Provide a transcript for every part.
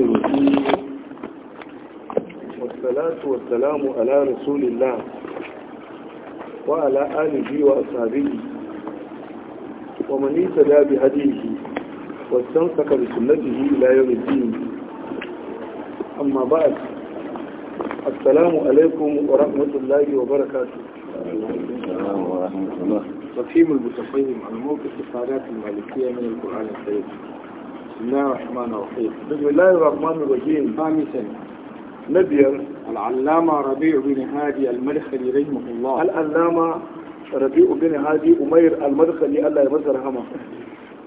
الرحمن الرحيم والصلاة والسلام على رسول الله وعلى آله وأصحابه ومن اهتدى بهديه واستمسك بسنته إلى يوم الدين أما بعد السلام عليكم ورحمة الله وبركاته السلام ورحمة الله تقييم المتقيم عن موقف السعادات المالكية من القرآن الكريم بسم الله الرحمن الرحيم بسم الله الرحمن الرحيم خامسا نبير العلامة ربيع بن هادي المدخلي رحمه الله العلامة ربيع بن هادي أمير المدخلي الله يمزر هما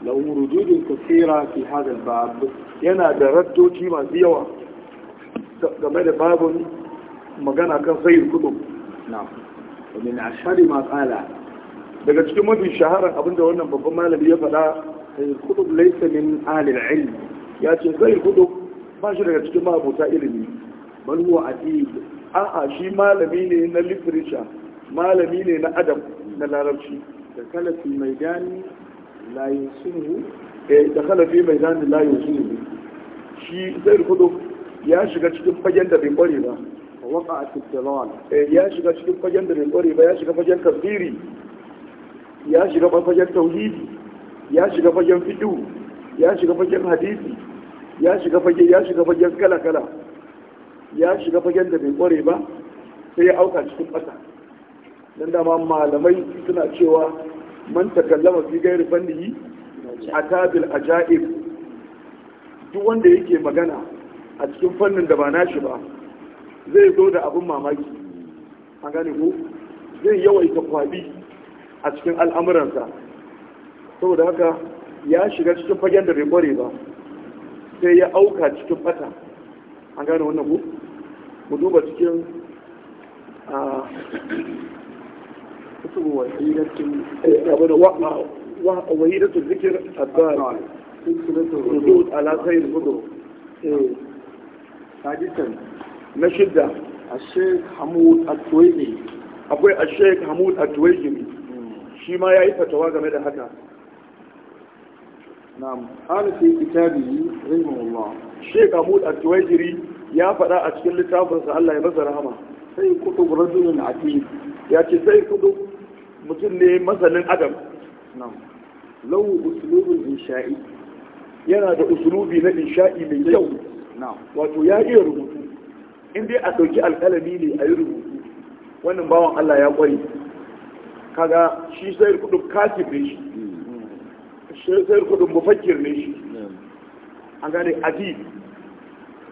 له ردود كثيرة في هذا الباب ينا دردو كيما زيوة game باب babin كان kan كتب نعم ومن min ما قال بقى تشتمون في الشهر abinda دورنا babban malami ya الكتب ليس من آل العلم يأتي زي الكتب ما شرك تجمع بوتا سائلني من هو عديد اه شي ما لميني إن الليفريشا ما لميني إن أدب إن لا شي دخل في ميدان لا يسنه إيه، دخل في ميدان لا يسنه شي زي الكتب يا شرك تجمع بجند بمبالي وقعت في الضلال يا شرك تجمع بجند بمبالي يا شيخ فجن كبيري يا شيخ فجن توليدي ya shiga fagen fidu, ya shiga fagen hadisi ya shiga fage ya shiga fagen kala-kala ya shiga fagen da bai kware ba sai ya auka cikin ƙasa don dama malamai suna cewa man takallama fi gairi fannihi a tabil ajaib duk wanda yake magana a cikin fannin da ba nashi ba zai zo da abin mamaki an gane ko zai yawaita kwabi a cikin al'amuransa saboda haka ya shiga cikin fagen da bai ba sai ya auka cikin fata an gane wannan ku mu duba cikin a kutubu wahidatun abin zikir rudud eh. na shidda hmm. shi ma ya yi fatawa game da haka na'am qala fi kitabihi rahimahullah Sheikh Ahmad At-Tuwaijiri ya faɗa a cikin littafinsa Allah ya masa rahama sai kutub rajulun aqil ya ce sai kutub mutum ne masanin adam na'am law uslubul insha'i yana da usulubi na insha'i mai kyau wato ya iya rubutu in dai a ɗauki alƙalami ne a yi rubutu wannan bawan Allah ya ƙware kaga shi sai kudu kasifin shi sai sai kudin mufakir ne shi an gane adib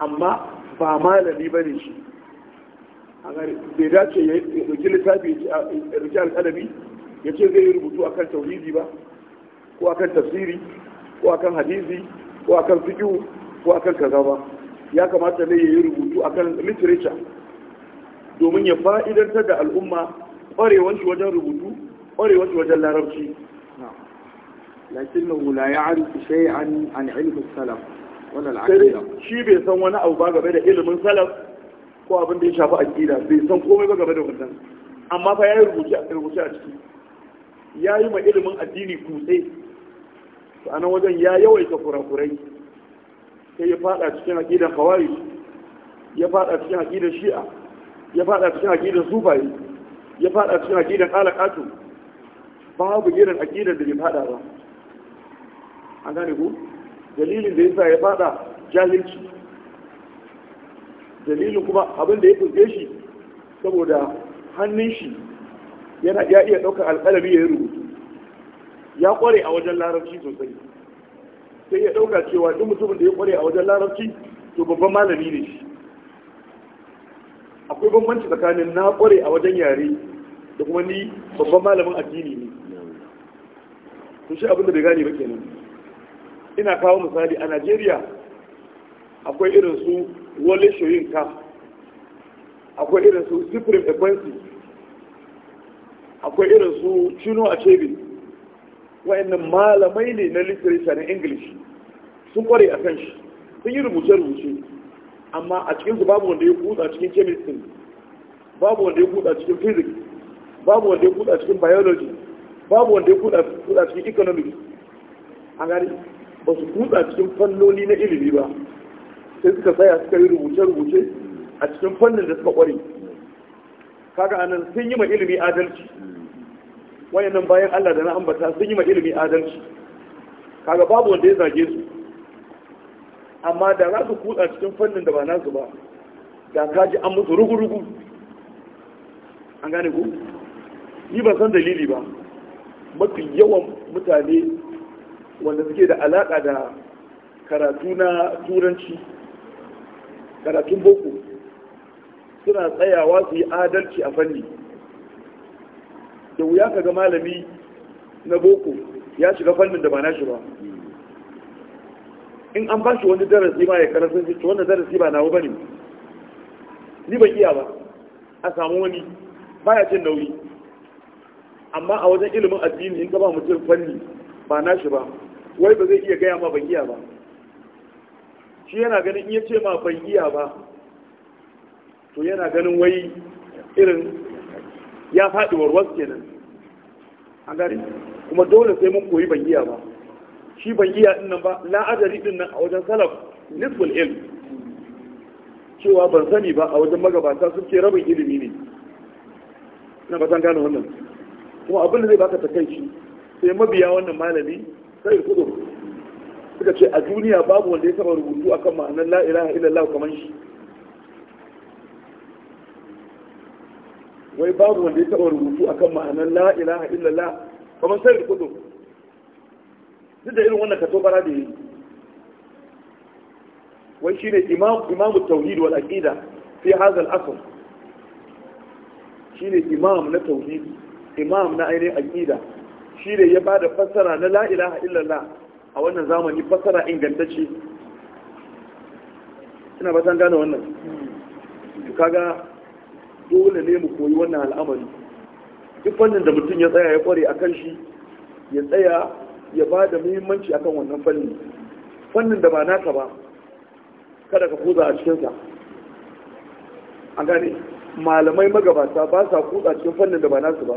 amma ba malami ba shi an gane bai dace ya dauki littafi ya rike alƙalami ya ce zai yi rubutu a kan tauhidi ba ko a kan tafsiri ko a kan hadizi, ko a kan fikihu ko a kan kaza ba ya kamata ne ya yi rubutu a kan literature domin ya fa'idantar da al'umma ƙwarewar shi wajen rubutu ƙwarewar shi wajen larabci lakinnahu la ya'rifu shay'an an ilmi salaf wala al-aqida shi bai san wani abu ba game da ilimin salaf ko abin da ya shafi aqida bai san komai ba game da wannan amma fa yayi rubuce a rubuce a ciki yayi ma ilimin addini kutse to anan wajen ya yawaita kurakurai sai ya fada cikin aqidan khawarij ya fada cikin aqidan shi'a ya fada cikin aqidan sufayi ya fada cikin aqidan alaqatu babu irin aqidan da ya fada ba an gane ku dalilin da yasa ya fada jahilci dalilin kuma abin da ya fuske shi saboda hannun shi yana ya iya ɗaukar alƙalami ya yi rubutu ya ƙware a wajen larabci sosai sai ya ɗauka cewa duk mutumin da ya ƙware a wajen larabci to babban malami ne shi akwai bambanci tsakanin na ƙware a wajen yare da kuma ni babban malamin addini ne to shi abin da bai gane ba kenan ina kawo misali a najeriya akwai irin su wale ka akwai irin su supreme frequency akwai irin su chino achebe wa'annan malamai ne na literature na english sun kware a kan shi sun yi rubuce-rubuce amma a cikinsu babu wanda ya kuda cikin chemistry babu wanda ya kuda cikin physics babu wanda ya kuda cikin biology babu wanda ya kuda cikin economics a gari ba su kutsa cikin fannoni na ilimi ba sai suka tsaya suka yi rubuce-rubuce a cikin fannin da suka kware kaga anan sun yi ma ilimi adalci wayannan bayan Allah da na ambata sun yi ma ilimi adalci kaga babu wanda ya zage su amma da za su kutsa cikin fannin da ba nasu ba da ka ji an musu rugu-rugu an gane ku ni ba san dalili ba mafi yawan mutane wanda suke da alaƙa da karatu na turanci karatun boko suna tsayawa su yi adalci a fanni da wuya ka ga malami na boko ya shiga fannin da ba na shi ba in an ba shi wani darasi ma ya karasa shi to wannan darasi ba nawa bane ni ban iya ba a samu wani baya cin nauyi amma a wajen ilimin addini in ka mutum fanni ba na shi ba wai ba zai iya gaya ma ban iya ba shi yana ganin iya ce ma ban iya ba to yana ganin wai irin ya faɗi warwas kenan an gari kuma dole sai mun koyi ban iya ba shi ban iya din nan ba la ajari din nan a wajen salaf nisbul ilm cewa ban sani ba a wajen magabata sun ce rabin ilimi ne ina ba san gane wannan kuma abin da zai baka takaici sai mabiya wannan malami sai kudu suka ce a duniya babu wanda ya taba rubutu akan ma'anar la ilaha illallah kamar shi wai babu wanda ya taba rubutu akan ma'anar la ilaha illallah kamar sai kudu duk da irin wannan bara da yi wai shine imam imamu tauhid wal aqida fi hadha al asr shine imam na tauhid imam na ainihin aqida shi ne ya bada fassara na la ilaha illallah a wannan zamani fassara ingantacce ina ba san gane wannan kaga dole ne mu koyi wannan al'amari duk fannin da mutum ya tsaya ya kware akan shi ya tsaya ya ba da muhimmanci akan wannan fanni fannin da ba naka ba kada ka kuza a cikinsa a gane malamai magabata ba sa kuza cikin fannin da ba nasu ba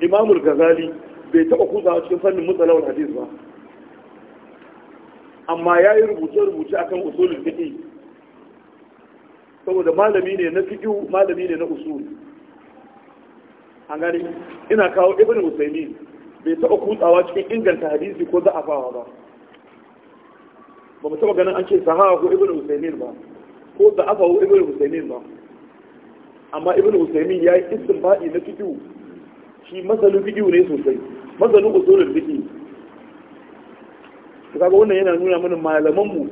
imamul gazali bai taɓa kusawa cikin fannin matsalawar hadis ba amma ya yi rubuce-rubuce akan usulun fiƙi saboda malami ne na fiƙi malami ne na usul an gani ina kawo ibn usaimi bai taɓa kutsawa cikin inganta hadisi ko za'afawa ba ba mu taɓa ganin an ce sahawa ko ibn usaimin ba ko za'afawa ko ibn usaimin ba amma ibn usaimin ya yi isin baɗi na fiƙi shi masalin fiƙi ne sosai masanin usulul biki. to kaga wannan yana nuna mana malamanmu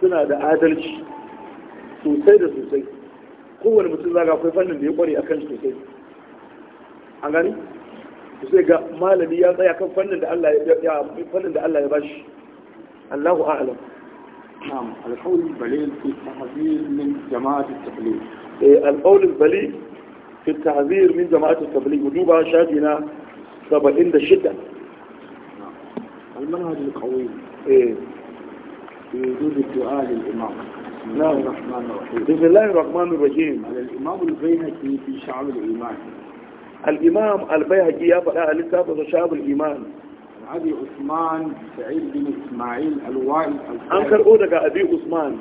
suna da adalci sosai da sosai kowane mutum zaga kai fannin da ya kware akan shi sosai an gani sai ga malami ya tsaya kan fannin da Allah ya fannin da Allah ya bashi Allahu a'lam نعم القول البليغ في التحذير من جماعة التبليغ القول البليغ في التحذير من جماعة التبليغ ودوبها شاهدنا طب عند الشدة المنهج القوي في إيه. وجود الدعاء للإمام بسم الله نعم. الرحمن الرحيم بسم الله الرحمن الرحيم على الإمام البيهقي في شعب الإيمان الإمام البيهقي يبقى لكتابة شعب الإيمان أبي عثمان سعيد بن إسماعيل الوائل أنكر أودك أبي عثمان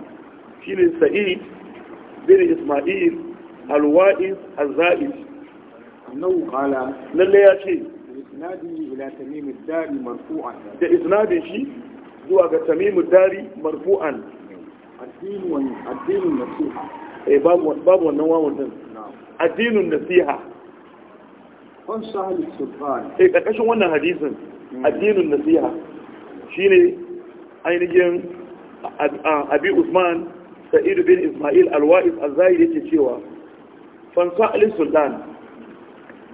شين سعيد بن إسماعيل الوائل الزائد أنه قال للي يا شيخ da isnadin shi zuwa ga tamimu dari marfu'an eh, addinin babu wannan wawon din addinin nasiha kan sahal sultan wannan hadisin addinin nasiha shine ainihin abi usman sa'id bin isma'il alwa'is az-zahir yake cewa fansa al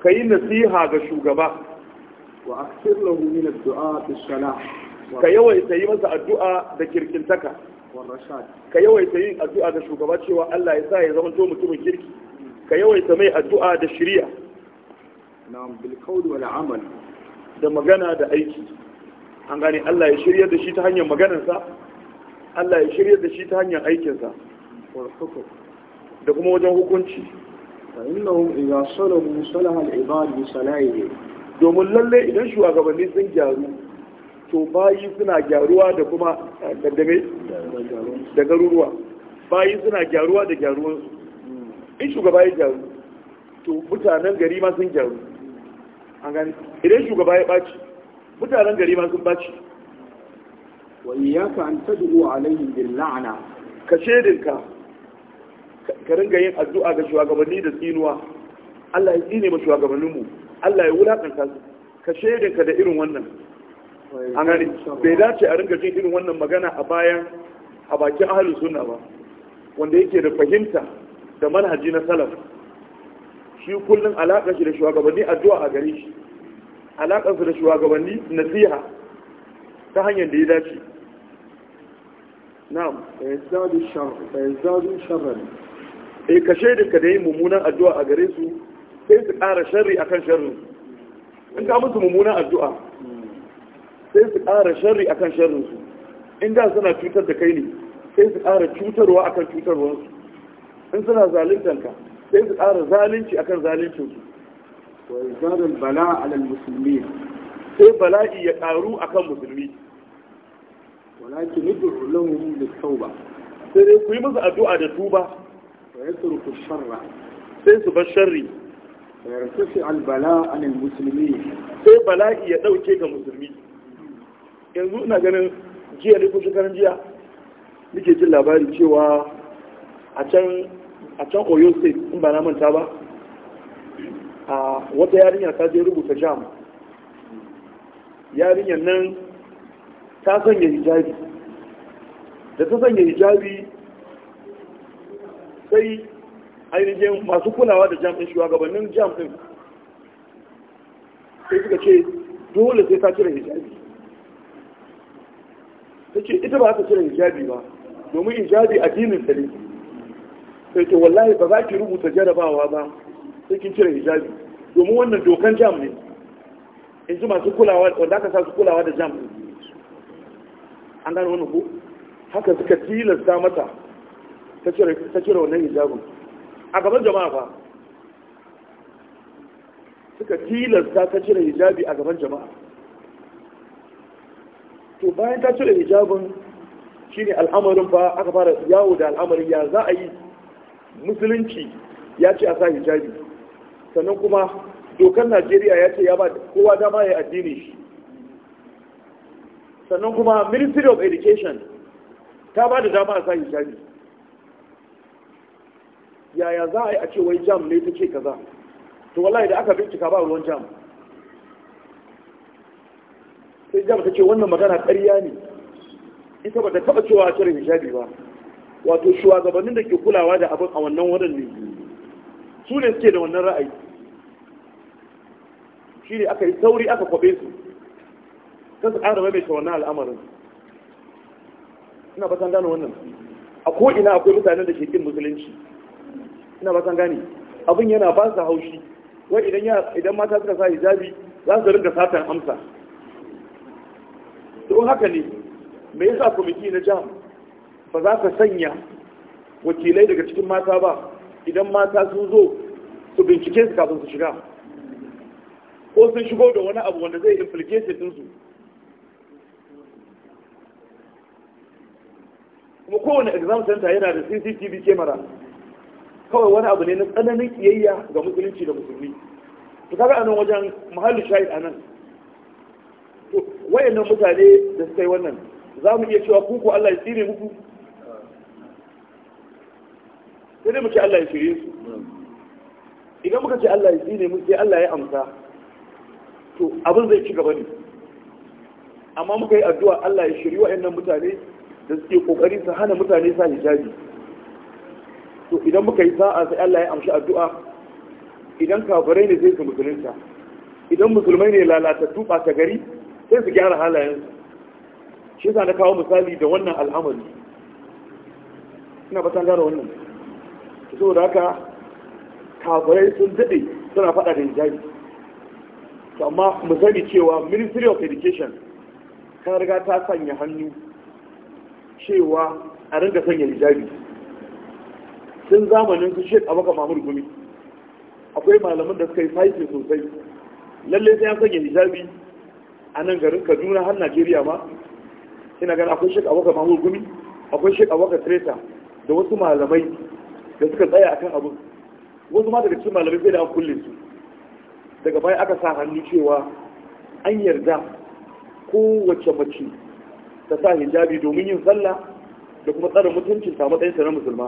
Ka yi nasiha ga shugaba wa akthir lahu min ad-du'a bis-salah ka yawaita yi masa addu'a da kirkintaka ka yawaita yin addu'a da shugaba cewa Allah ya sa ya zama to mutumin kirki ka yawaita mai addu'a da shiriya na'am bil qawli da magana da aiki an gane Allah ya shirya da shi ta hanyar maganarsa Allah ya shirya da shi ta hanyar aikinsa da kuma wajen hukunci fa innahum salamu salaha al ibad bi domin lalle idan shugabanni sun gyaru to bayi suna gyaruwa da kuma kaddame da garuruwa bayi suna gyaruwa da gyaruwansu in shugaba ya gyaru to mutanen gari ma sun gyaru an gani idan shugaba ya ɓaci mutanen gari ma sun ɓaci wa ka an a layin bil la'ana? ka shedinka ka ringa yin addu'a ga shugabanni da tsinuwa Allah ya tsine mu shugabanninmu Allah ya wulakanta su ka shaidanka da irin wannan an gani bai dace a ringa jin irin wannan magana a bayan a bakin ahalin sunna ba wanda yake da fahimta da manhaji na salaf shi kullum alaƙar shi da shugabanni addu'a a gare shi alaƙar su da shugabanni nasiha ta hanyar da ya dace na'am yazdadu sharran E, ka shaidinka da yin mummunan addu'a a gare su sai su ƙara sharri kan sharri in ka musu mummunan addu'a sai su ƙara sharri a kan sharrinsu. in da suna cutar da kai ne sai su ƙara cutarwa a kan su in suna zaluntar ka sai su ƙara zalunci a kan su wa bala sai bala'i ya ƙaru a kan musulmi sai dai ku yi musu addu'a da tuba sai su bar sharri yartafi sai bala'i ya dauke ga musulmi yanzu ina ganin jiya ne ko shekaran jiya nake jin labari cewa a can a can oyo state in ba na manta ba a wata yarinya ta je rubuta jam yarinyar nan ta sanya hijabi da ta sanya hijabi sai ainihin masu kulawa da jam ɗin shugabannin jam ɗin sai suka ce dole sai ta cire hijabi ta ce ita ba ta cire hijabi ba domin hijabi addinin ta ne sai ce wallahi ba za ki rubuta jarabawa ba sai kin cire hijabi domin wannan dokan jam ne in ji masu kulawa wanda aka sa su kulawa da jam ɗin an gane wani ku haka suka tilasta mata ta cire wannan hijabin a gaban jama'a ba suka tilasta ta cire hijabi a gaban jama'a to bayan ta cire hijabin shine al'amarin ba aka fara yawo da al'amarin ya za a yi musulunci ya ce a sa hijabi sannan kuma dokar najeriya ya ce ya ba kowa dama ya addini shi sannan kuma ministry of education ta ba da dama a sa hijabi yaya za a yi a ce wai jam ne ta ce kaza to wallahi da aka bincika ba ruwan jam sai jam ta ce wannan magana ƙarya ne ita ba ta taɓa cewa a cire hijabi ba wato shugabannin da ke kulawa da abin a wannan wurin ne su ne suke da wannan ra'ayi shi ne aka yi sauri aka kwabe su Kasu ƙara mai maimaita wannan al'amarin ina ba gano wannan a ko'ina akwai mutanen da ke kin musulunci ina ba gani gane abin yana ba su haushi wai idan idan mata suka sa hijabi za su rinka satan amsa don haka ne me yasa kwamiti na jam ba za ka sanya wakilai daga cikin mata ba idan mata sun zo su bincike su kafin su shiga ko sun shigo da wani abu wanda zai din su. kuma kowane exam center yana da cctv camera kawai wani abu ne na tsananin kiyayya ga musulunci da musulmi to kaga nan wajen mahallin shahid nan. to wayannan mutane da suka yi wannan za mu iya cewa ku ko Allah ya tsire muku sai dai mu Allah ya tsire su idan muka ce Allah ya tsire mu sai Allah ya amsa to abin zai ci gaba ne amma muka yi addu'a Allah ya shirye wayannan mutane da suke kokari su hana mutane sa hijabi to idan muka yi sa'a sai Allah ya amshi addu'a idan kafirai ne sai su musulunta idan musulmai ne lalata tuba ta gari sai su gyara halayen shi yasa na kawo misali da wannan al'amari ina batan gara wannan saboda haka kafirai sun daɗe suna fada da hijabi to amma mu sani cewa ministry of education ta riga ta sanya hannu cewa a ringa sanya hijabi tun zamanin su shek abaka mamur gumi akwai malaman da suka yi faifin sosai lallai sai an sanya hijabi a nan garin kaduna har najeriya ma ina gani akwai shek abaka mamur gumi akwai shek abaka treta da wasu malamai da suka tsaya akan abu wasu ma daga cikin malamai sai da an kulle su daga baya aka sa hannu cewa an yarda kowace mace ta sa hijabi domin yin sallah da kuma tsara mutuncin ta matsayinta na musulma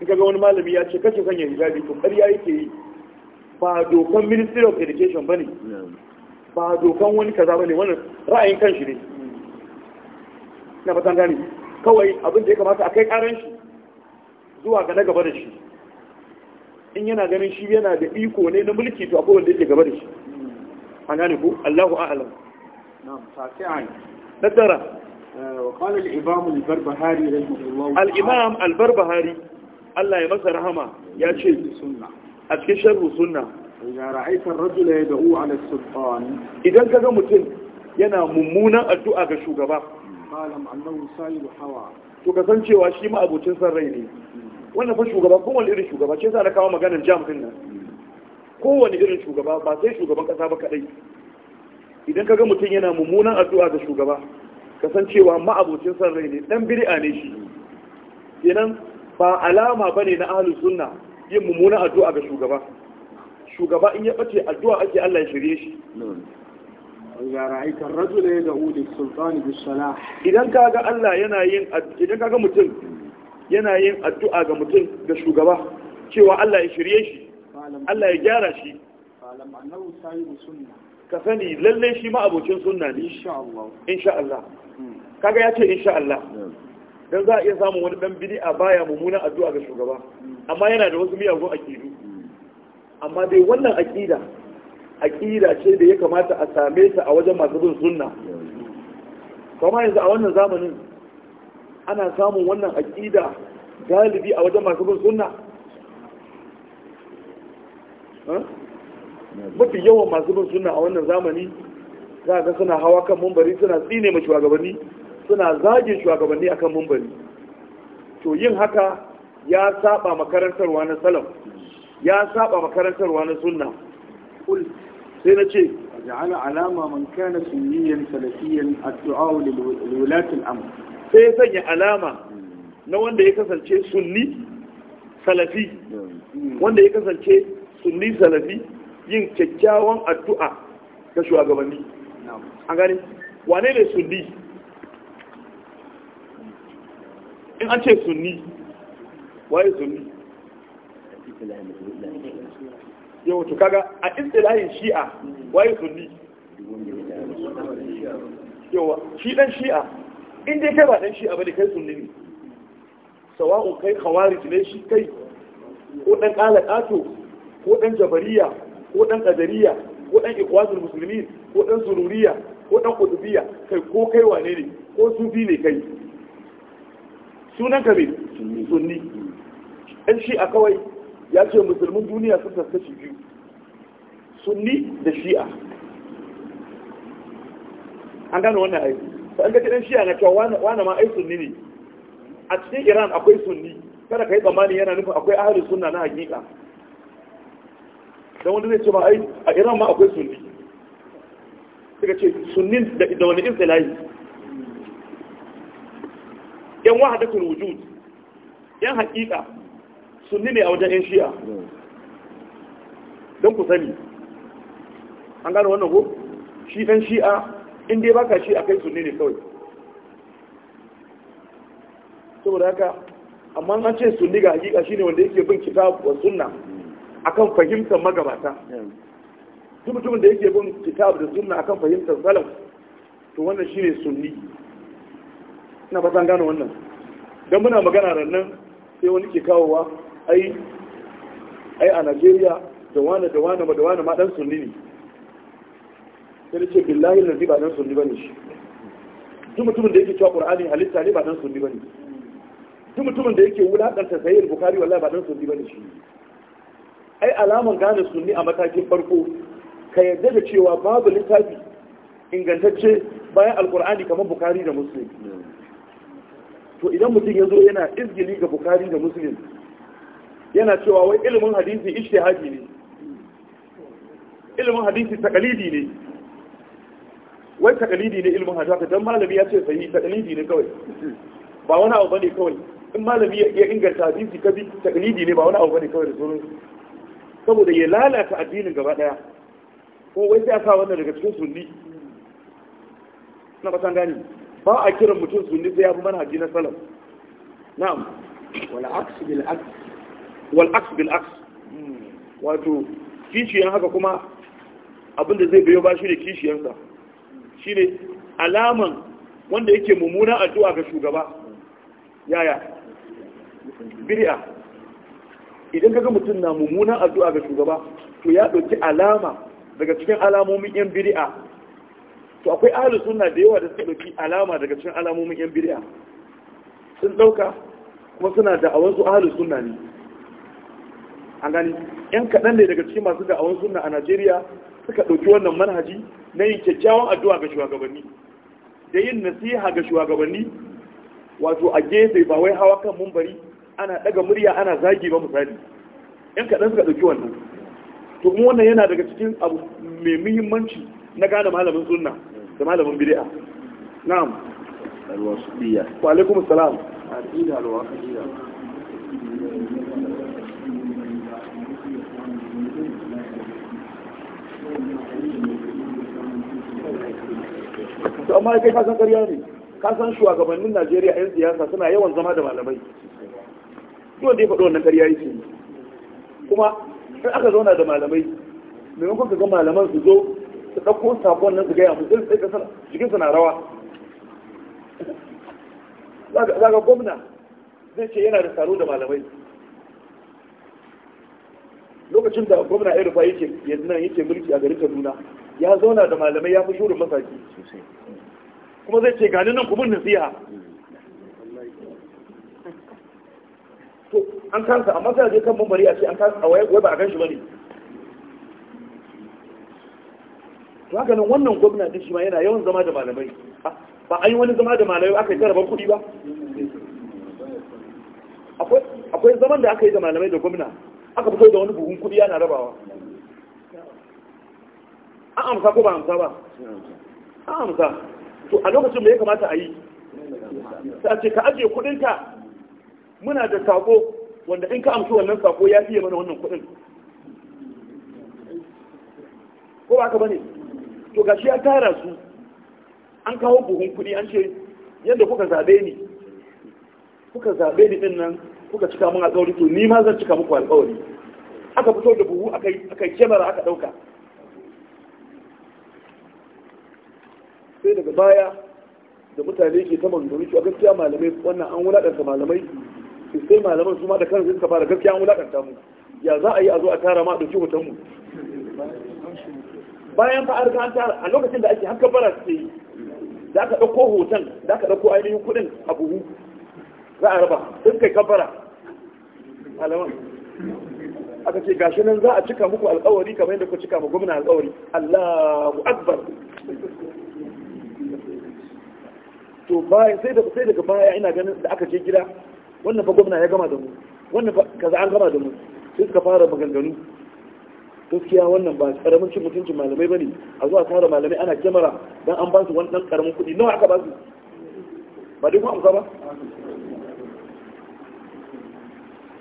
in kaga wani malami ya ce kace sanya hijabi to ƙarya yake yi ba dokan ministry of education bane ba dokan wani kaza bane wannan ra'ayin kanshi ne na fatan gani kawai abin da ya kamata a kai karan shi zuwa ga na gaba da shi in yana ganin shi yana da iko ne na mulki to akwai wanda yake gaba da shi an gane ko, Allahu a'lam na'am safi'an nadara eh, wa qala al-imam al-barbahari rahimahullah al-imam al Allah ya masa rahama ya ce a cikin sharru suna ya rajula ya da'u ala idan ka ga mutum yana mummunan addu'a ga shugaba malam annahu sayyid hawa to kasancewa shi ma san rai ne wannan fa shugaba kowane irin shugaba ce sa na kawo maganar jamfin nan kowane irin shugaba ba sai shugaban kasa ba kadai idan ka ga mutum yana mummunan addu'a ga shugaba kasancewa ma abocin san rai ne dan biri'a ne shi ba alama ba ne na ahlus sunna yin mummuna addu'a ga shugaba shugaba in ya bace addu'a ake Allah ya shirye shi Idan ka ga Allah yana yin idan mutum yana yin addu'a ga mutum ga shugaba cewa Allah ya shirye shi Allah ya gyara shi ka sani lalle shi ma abokin sunna ne insha Allah insha Allah hmm. kaga yace insha Allah hmm. don za a iya samun wani dan a baya mummunan addu'a ga shugaba amma yana da wasu miyagun akidu amma dai wannan akida akida ce da ya kamata a same ta a wajen masu bin sunna kuma yanzu a wannan zamanin ana samun wannan akida galibi a wajen masu bin sunna mafi yawan masu bin sunna a wannan zamani za ga suna hawa kan mumbari suna tsine ma shugabanni suna zagin shugabanni akan mumbari to yin haka ya saba makarantarwa na salam ya saba makarantarwa na sunna sai na ce ja'ala alama man kana sunniyan salafiyan addu'a lil wulati al-amr sai ya sanya alama na wanda ya kasance sunni salafi wanda ya kasance sunni salafi yin kyakkyawan addu'a ga shugabanni an gani wane ne sunni in an ce sunni waye sunni yau to kaga a istilahin shi'a waye sunni yawa shi dan shi'a in dai kai ba dan shi'a bane kai sunni ne sawa'un kai khawarij ne shi kai ko dan qalaqato ko dan jabariya ko dan qadariya ko dan ikhwanul muslimin ko dan zururiya ko dan qutubiyya kai ko kai wane ne ko sufi ne kai sunan ka sunni ɗan shi'a kawai ya ce musulmin duniya sun kaskashi biyu sunni da shi'a an gano wannan aiki ta an ga ɗan shi'a na cewa wane ma ai sunni ne a cikin iran akwai sunni kada ka yi tsammani yana nufin akwai ahalin sunna na hakika don wanda zai ce ba a iran ma akwai sunni suka ce sunni da wani istilahi yan tun wujud yan hakika sunni ne a wajen yan shi'a don ku sani an gano wannan ko shi dan shi'a in dai baka shi akai sunni ne kawai saboda haka amma an ce sunni ga hakika shine wanda yake bin kitab wa sunna akan fahimtar magabata duk mutumin da yake bin kitab da sunna akan fahimtar salaf to wannan shine sunni ina fatan gane wannan don muna magana rannan sai wani ke kawowa ai a Najeriya da wane da wani da wane ma dan sunni ne sai ce billahi lazi ba dan sunni bane shi duk mutumin da yake cewa qur'ani halitta ne ba dan sunni bane duk mutumin da yake wulakanta sahih bukari wallahi ba dan sunni bane shi ai alaman gane sunni a matakin farko ka yarda da cewa babu littafi ingantacce bayan alkur'ani kamar bukari da muslim to idan mutum ya zo yana izgili ga bukari da muslim yana cewa wai ilimin hadisi haji ne ilimin hadisi takalidi ne wai takalidi ne ilimin hadisi don malami ya ce sahi takalidi ne kawai ba wani abu bane kawai in malami ya inganta hadisi kabi takalidi ne ba wani abu bane kawai da sauran saboda ya lalata addinin gaba daya ko wai sai a sa wannan daga cikin sunni na kasan gani ba a kiran mutum sunni sai ya fi manhaji na salaf na'am wal aks bil aks wal aks bil aks wato kishiyan haka kuma abinda zai biyo ba shi ne kishiyansa shi ne alaman wanda yake mummuna addu'a ga shugaba yaya bid'a idan kaga mutum na mummuna addu'a ga shugaba to ya dauki alama daga cikin alamomin yan bid'a to akwai ahli sunna da yawa da suka dauki alama daga cikin alamomin yan bid'a sun dauka kuma suna da awan su ahli sunna ne an gani yan kaɗan ne daga cikin masu awan sunna a Najeriya suka dauki wannan manhaji na yin kyakkyawan addu'a ga shugabanni da yin nasiha ga shugabanni wato a gefe ba wai hawa kan mumbari ana daga murya ana zagi ba misali yan kaɗan suka dauki wannan to kuma wannan yana daga cikin abu mai muhimmanci na gane malamin sunna da malamin bid'a na'am alwasiliya wa alaikum salam aqida alwasiliya to amma kai ka san ƙarya ne ka san shugabannin Najeriya 'yan siyasa suna yawan zama da malamai duk da ya faɗo wannan ƙarya yake kuma sai aka zauna da malamai maimakon ka ga malaman su zo su ɗauko sabon nan su gaya mu zai tsaye kasar jikinsa na rawa Za ga gwamna zai ce yana da taro da malamai lokacin da gwamna ya rufa yake yanzu nan yake mulki a garin kaduna ya zauna da malamai ya fi shurin masaki kuma zai ce gani nan kuma nasiha to an kansa amma sai a je kan mamari a ce an kansa a waya ba a kan shi ba ne to haka nan wannan gwamna din shi ma yana yawan zama da malamai ah, ba an yi wani zama da malamai aka yi tarabar kuɗi ba akwai zaman da aka yi da malamai da gwamna aka fito da wani buhun kuɗi yana rabawa an amsa ko ba amsa ba an amsa to a lokacin da ya kamata a yi Ta ce ka ajiye kuɗinka muna da sako wanda in ka amsa wannan sako ya fiye mana wannan kuɗin ko ba ka bane to gashi ya tara su an kawo buhun kuɗi an ce yadda kuka zaɓe ni kuka zaɓe ni din nan kuka cika mun alƙawari to ni ma zan cika muku alƙawari aka fito da buhu aka yi kemara aka ɗauka sai daga baya da mutane ke ta manzuri cewa gaskiya malamai wannan an wulaƙanta malamai sai malaman su ma da kansu suka fara gaskiya an wulaƙanta mu ya za a yi a zo a tara ma a ɗauki hoton mu bayan ba a riga an tara a lokacin da ake haka bara su yi za ka ɗauko hoton za ka ɗauko ainihin kuɗin a buhu za a raba sun kai kabara malaman aka ce gashi nan za a cika muku alƙawari kamar yadda ku cika ma gwamna alƙawari Allahu Akbar to bayan sai da sai daga baya ina ganin da aka je gida wannan fa gwamna ya gama da mu wannan fa kaza an gama da mu sai suka fara maganganu gaskiya wannan ba karamin cin mutuncin malamai bane a zuwa tara malamai ana kyamara don an ba su wani dan karamin kuɗi nawa aka ba su ba dai kuma amsa ba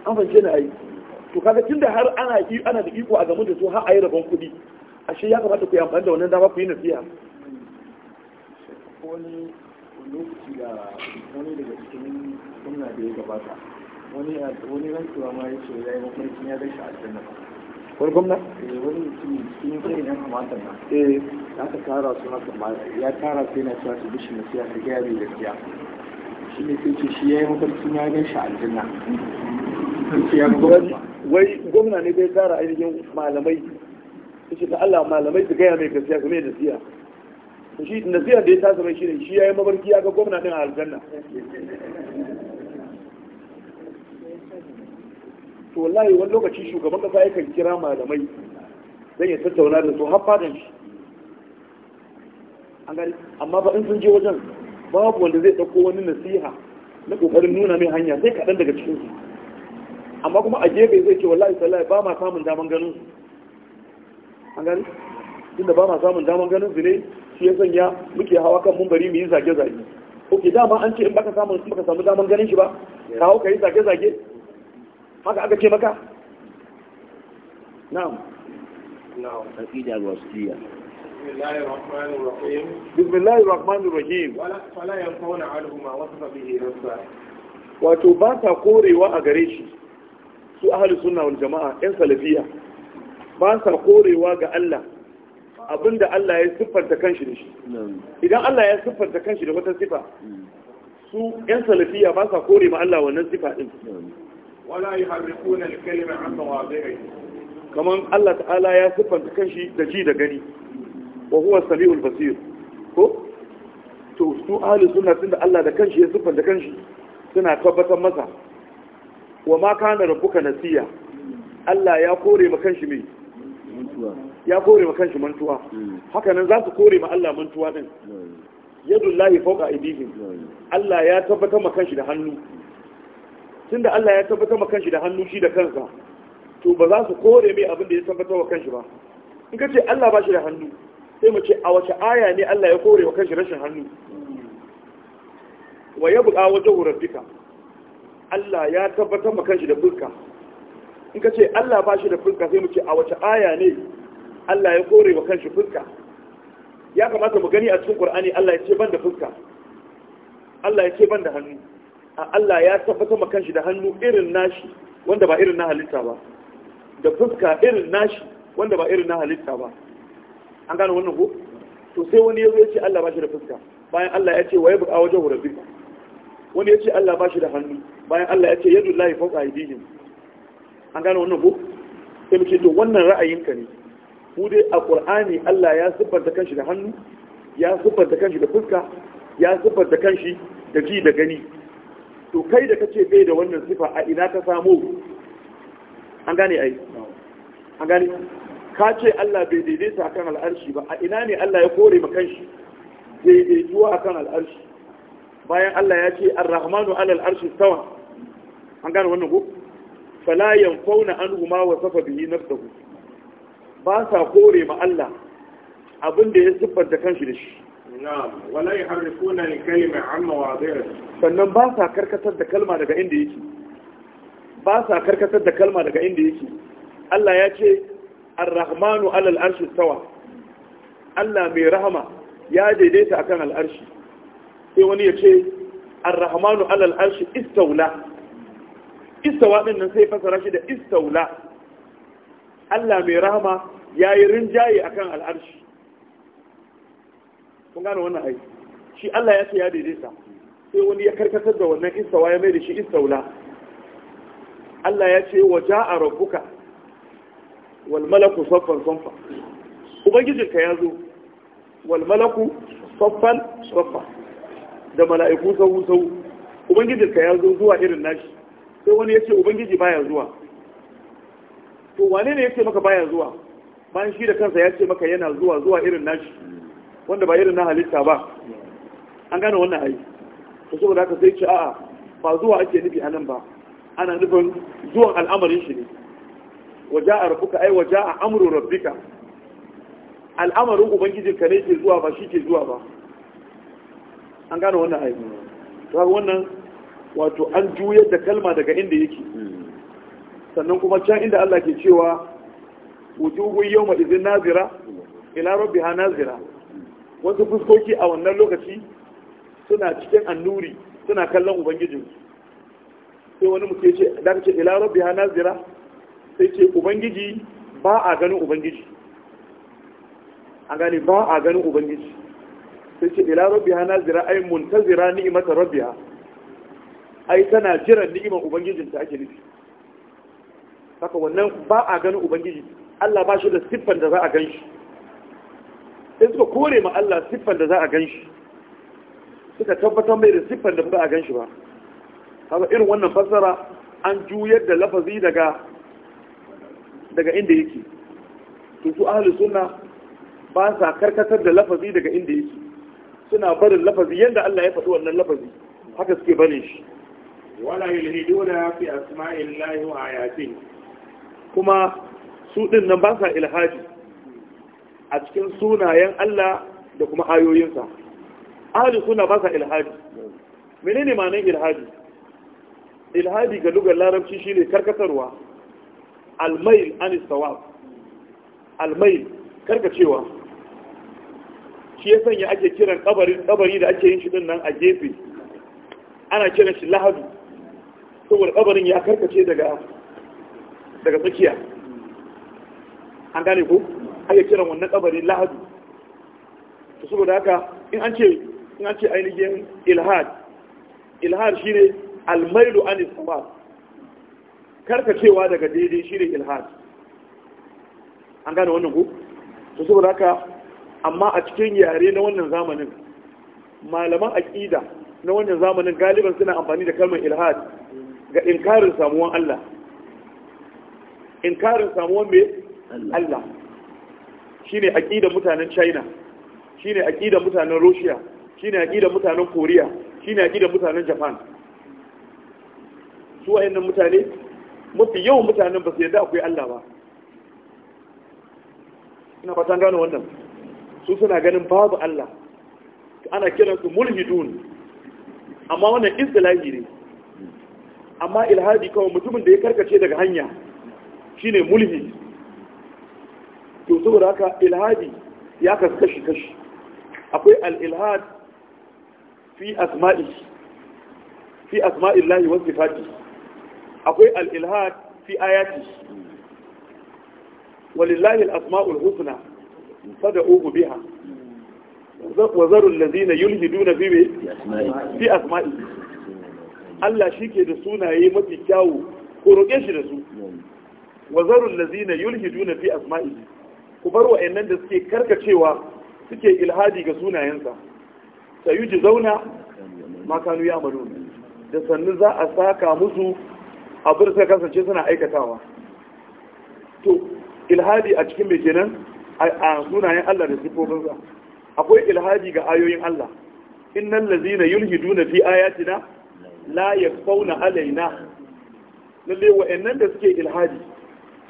an fahimce na yi. to kaga da har ana ana da iko a game da su har ayi rabon kuɗi ashe ya kamata ku yi amfani da wannan dama ku yi nasiha wani lokaci da wani daga cikin gwamna da ya gabata wani rantsuwa ma ya ce ya yi mafarkin ya gashi a aljanna wani gwamna eh, wani mutum sun kai nan kamata na eh aka tara su masa ma ya tara sai na cewa su bishi na siya su gaya mai gaskiya shi ne sai ce shi ya yi mafarki ya gan shi aljanna wai gwamna ne bai tara ainihin malamai su ce Allah malamai su gaya mai gaskiya game da siya shi nasiha da ya tasa mai shi ne shi ya yi mafarki ya ga gwamna din a aljanna to wallahi wani lokaci shugaban kasa yakan kira malamai zan ya tattauna da su har fadan shi an gari amma ba in sun je wajen babu wanda zai ɗauko wani nasiha na ƙoƙarin nuna mai hanya sai kaɗan daga cikin su amma kuma a gefe zai ce wallahi sallahi ba ma samun daman ganin su an gari tunda ba ma samun daman ganin su ne shi ya sanya muke hawa kan mun bari mu yi zage-zage ok dama an ce in baka samu baka samu daman ganin shi ba kawo ka yi zage-zage haka aka ce maka na'am na'am aqida al-wasiyya بسم الله الرحمن الرحيم بسم الله الرحمن wasu فلا ينفون wato ba ta korewa a gare shi su ahalu sunna wal jama'a yan salafiya ba sa korewa ga Allah abinda Allah ya siffanta kanshi da shi idan Allah ya siffanta kanshi da wata siffa su yan salafiya ba sa kore ma Allah wannan siffa din wala yuharrifuna al-kalima an mawadhi'i kaman Allah ta'ala ya siffanta kanshi da ji da gani wa huwa samiul basir ko to su ahli sunna tunda Allah da kanshi ya siffanta kanshi suna tabbatar masa wa ma kana rabbuka nasiya Allah ya kore ma kanshi mai ya kore ma kanshi mantuwa haka nan za su kore ma Allah mantuwa din yadullahi fawqa aydihim Allah ya tabbatar ma kanshi da hannu tunda Allah ya tabbata ma kanshi da hannu shi da kansa to ba za su kore mai abin da ya tabbata wa kanshi ba in ka ce Allah ba shi da hannu sai mu ce a wace aya ne Allah ya kore wa kanshi rashin hannu wa ya buƙa wajen rabbika Allah ya tabbatar ma kanshi da fuska in ka ce Allah ba shi da fuska sai mu ce a wace aya ne Allah ya kore wa kanshi fuska ya kamata mu gani a cikin Qur'ani Allah ya ce ban da fuska Allah ya ce ban da hannu Allah ya tabbatar ma shi da hannu irin nashi wanda ba irin na halitta ba da fuska irin nashi wanda ba irin na halitta ba an gano wannan ko to sai wani yazo ya ce Allah ba shi da fuska bayan Allah ya ce wa yabqa wajhu rabbika wani ya ce Allah ba shi da hannu bayan Allah ya ce yadu lahi fawqa aydihim an gano wannan ko sai muke to wannan ra'ayinka ne mu dai a Qur'ani Allah ya siffanta kanshi da hannu ya siffanta kanshi da fuska ya siffanta kanshi da ji da gani to kai da kace bai da wannan sifa a ina ka samu an gane ai an gane ka ce Allah bai daidaita akan al'arshi ba a ina ne Allah ya kore maka shi daidaituwa akan al'arshi bayan Allah ya ce ar-rahmanu ala al'arshi sawa an gane wannan ko fala yanfauna anhu ma wasafa bihi nafsuhu ba sa kore ma Allah abin da ya siffanta kanshi da shi wala ya kalima an mawadhi'i sannan ba sa karkatar da kalma daga inda yake ba sa karkatar da kalma daga inda yake Allah ya ce ar-rahmanu alal arshi tawa Allah mai rahama ya daidaita akan al'arshi sai wani ya ce ar-rahmanu alal arshi istawla istawa din nan sai fasara shi da istawla Allah mai rahama ya yi rinjaye akan al'arshi kun gane wannan ai shi Allah ya ce ya daidaita sai wani ya karkatar da wannan istawa ya mai da shi istaula Allah ya ce wa ja'a rabbuka wal malaku saffan saffa ubangijinka ya zo wal malaku saffan saffa da mala'iku sau sau ubangijinka ya zo zuwa irin nashi sai wani ya ce ubangiji baya zuwa to wane ne ya ce maka baya zuwa bayan shi da kansa ya ce maka yana zuwa zuwa irin nashi wanda ba irin na halitta ba an gane wannan ai to saboda haka sai ce a'a ba zuwa ake nufi anan ba ana nufin zuwan al'amarin shi ne waja a rabbuka ai waja a amru rabbika al'amarin ubangijin ka ne ke zuwa ba shi ke zuwa ba an gane wannan ayi to wannan wato an juyar da kalma daga inda yake sannan kuma can inda Allah ke cewa wujuhu yawma idhin nazira ila rabbiha nazira wasu fuskoki a wannan lokaci suna cikin annuri suna kallon ubangijin sai wani mutum ce da ce ila rabbi ha nazira sai ce ubangiji ba a ganin ubangiji a gane ba a ganin ubangiji sai ce ila rabbi ha nazira ai muntazira ni'imata rabbiha ai tana jiran ni'imar ubangijinta ake nufi haka wannan ba a ganin ubangiji Allah ba shi da siffan da za a gan shi sai suka kore ma Allah siffar da za a gan shi suka tabbatar mai da siffar da ba a gan shi ba haka irin wannan fassara an juyar da lafazi daga daga inda yake to su ahli sunna ba sa karkatar da lafazi daga inda yake suna barin lafazi yadda Allah ya faɗi wannan lafazi haka suke bane shi wala yulhiduna fi asma'illahi wa ayatihi kuma su din nan ba sa ilhaji a cikin sunayen Allah da kuma ayoyinsa ahli suna ba sa ilhadi menene manan ilhadi ilhadi ga lugar larabci shine karkatarwa almail Anis sawab almail karkacewa shi ya sanya ake kiran kabari da ake yin shi din nan a gefe ana kiran shi lahadu saboda kabarin ya karkace daga daga tsakiya an gane ko ake kiran wannan kabari lahadu to saboda haka in an ce in an ce ainihin ilhad ilhad shine almailu an isma karkacewa daga daidai shine ilhad an gane wannan ku to saboda haka amma a cikin yare na wannan zamanin malaman aqida na wannan zamanin galiban suna amfani da kalmar ilhad ga inkarin samuwan Allah inkarin samuwan me Allah shine aqidar mutanen China shine aqidar mutanen Russia shine aqidar mutanen Korea shine aqidar mutanen Japan su wayannan mutane mafi yawan mutanen ba su yarda akwai Allah ba ina fatan gano wannan su suna ganin babu Allah ana kiransu mulhidun amma wannan istilahi ne amma ilhadi kawai mutumin da ya karkace daga hanya shine mulhidi to saboda haka ilhadi ya kasu kashi kashi akwai al-ilhad fi asma'i fi lahi wasu sifati akwai al-ilhad fi ayati walillahi al-asma'ul husna fad'uhu biha wa zaru allazina duna fi fi asma'i Allah shi ke da sunaye mafi kyawu ko roƙe shi da su wa zaru allazina duna fi asma'i ku bar wa'annan da suke karkacewa suke ilhadi ga sunayensa yi ji zauna makanu ya malu da sannu za a saka musu abin suka kasance suna aikatawa to ilhadi a cikin mai kenan a sunayen Allah da sifofinsa akwai ilhadi ga ayoyin Allah innal ladzina na fi ayatina la fauna alaina lalle wa'annan da suke ilhadi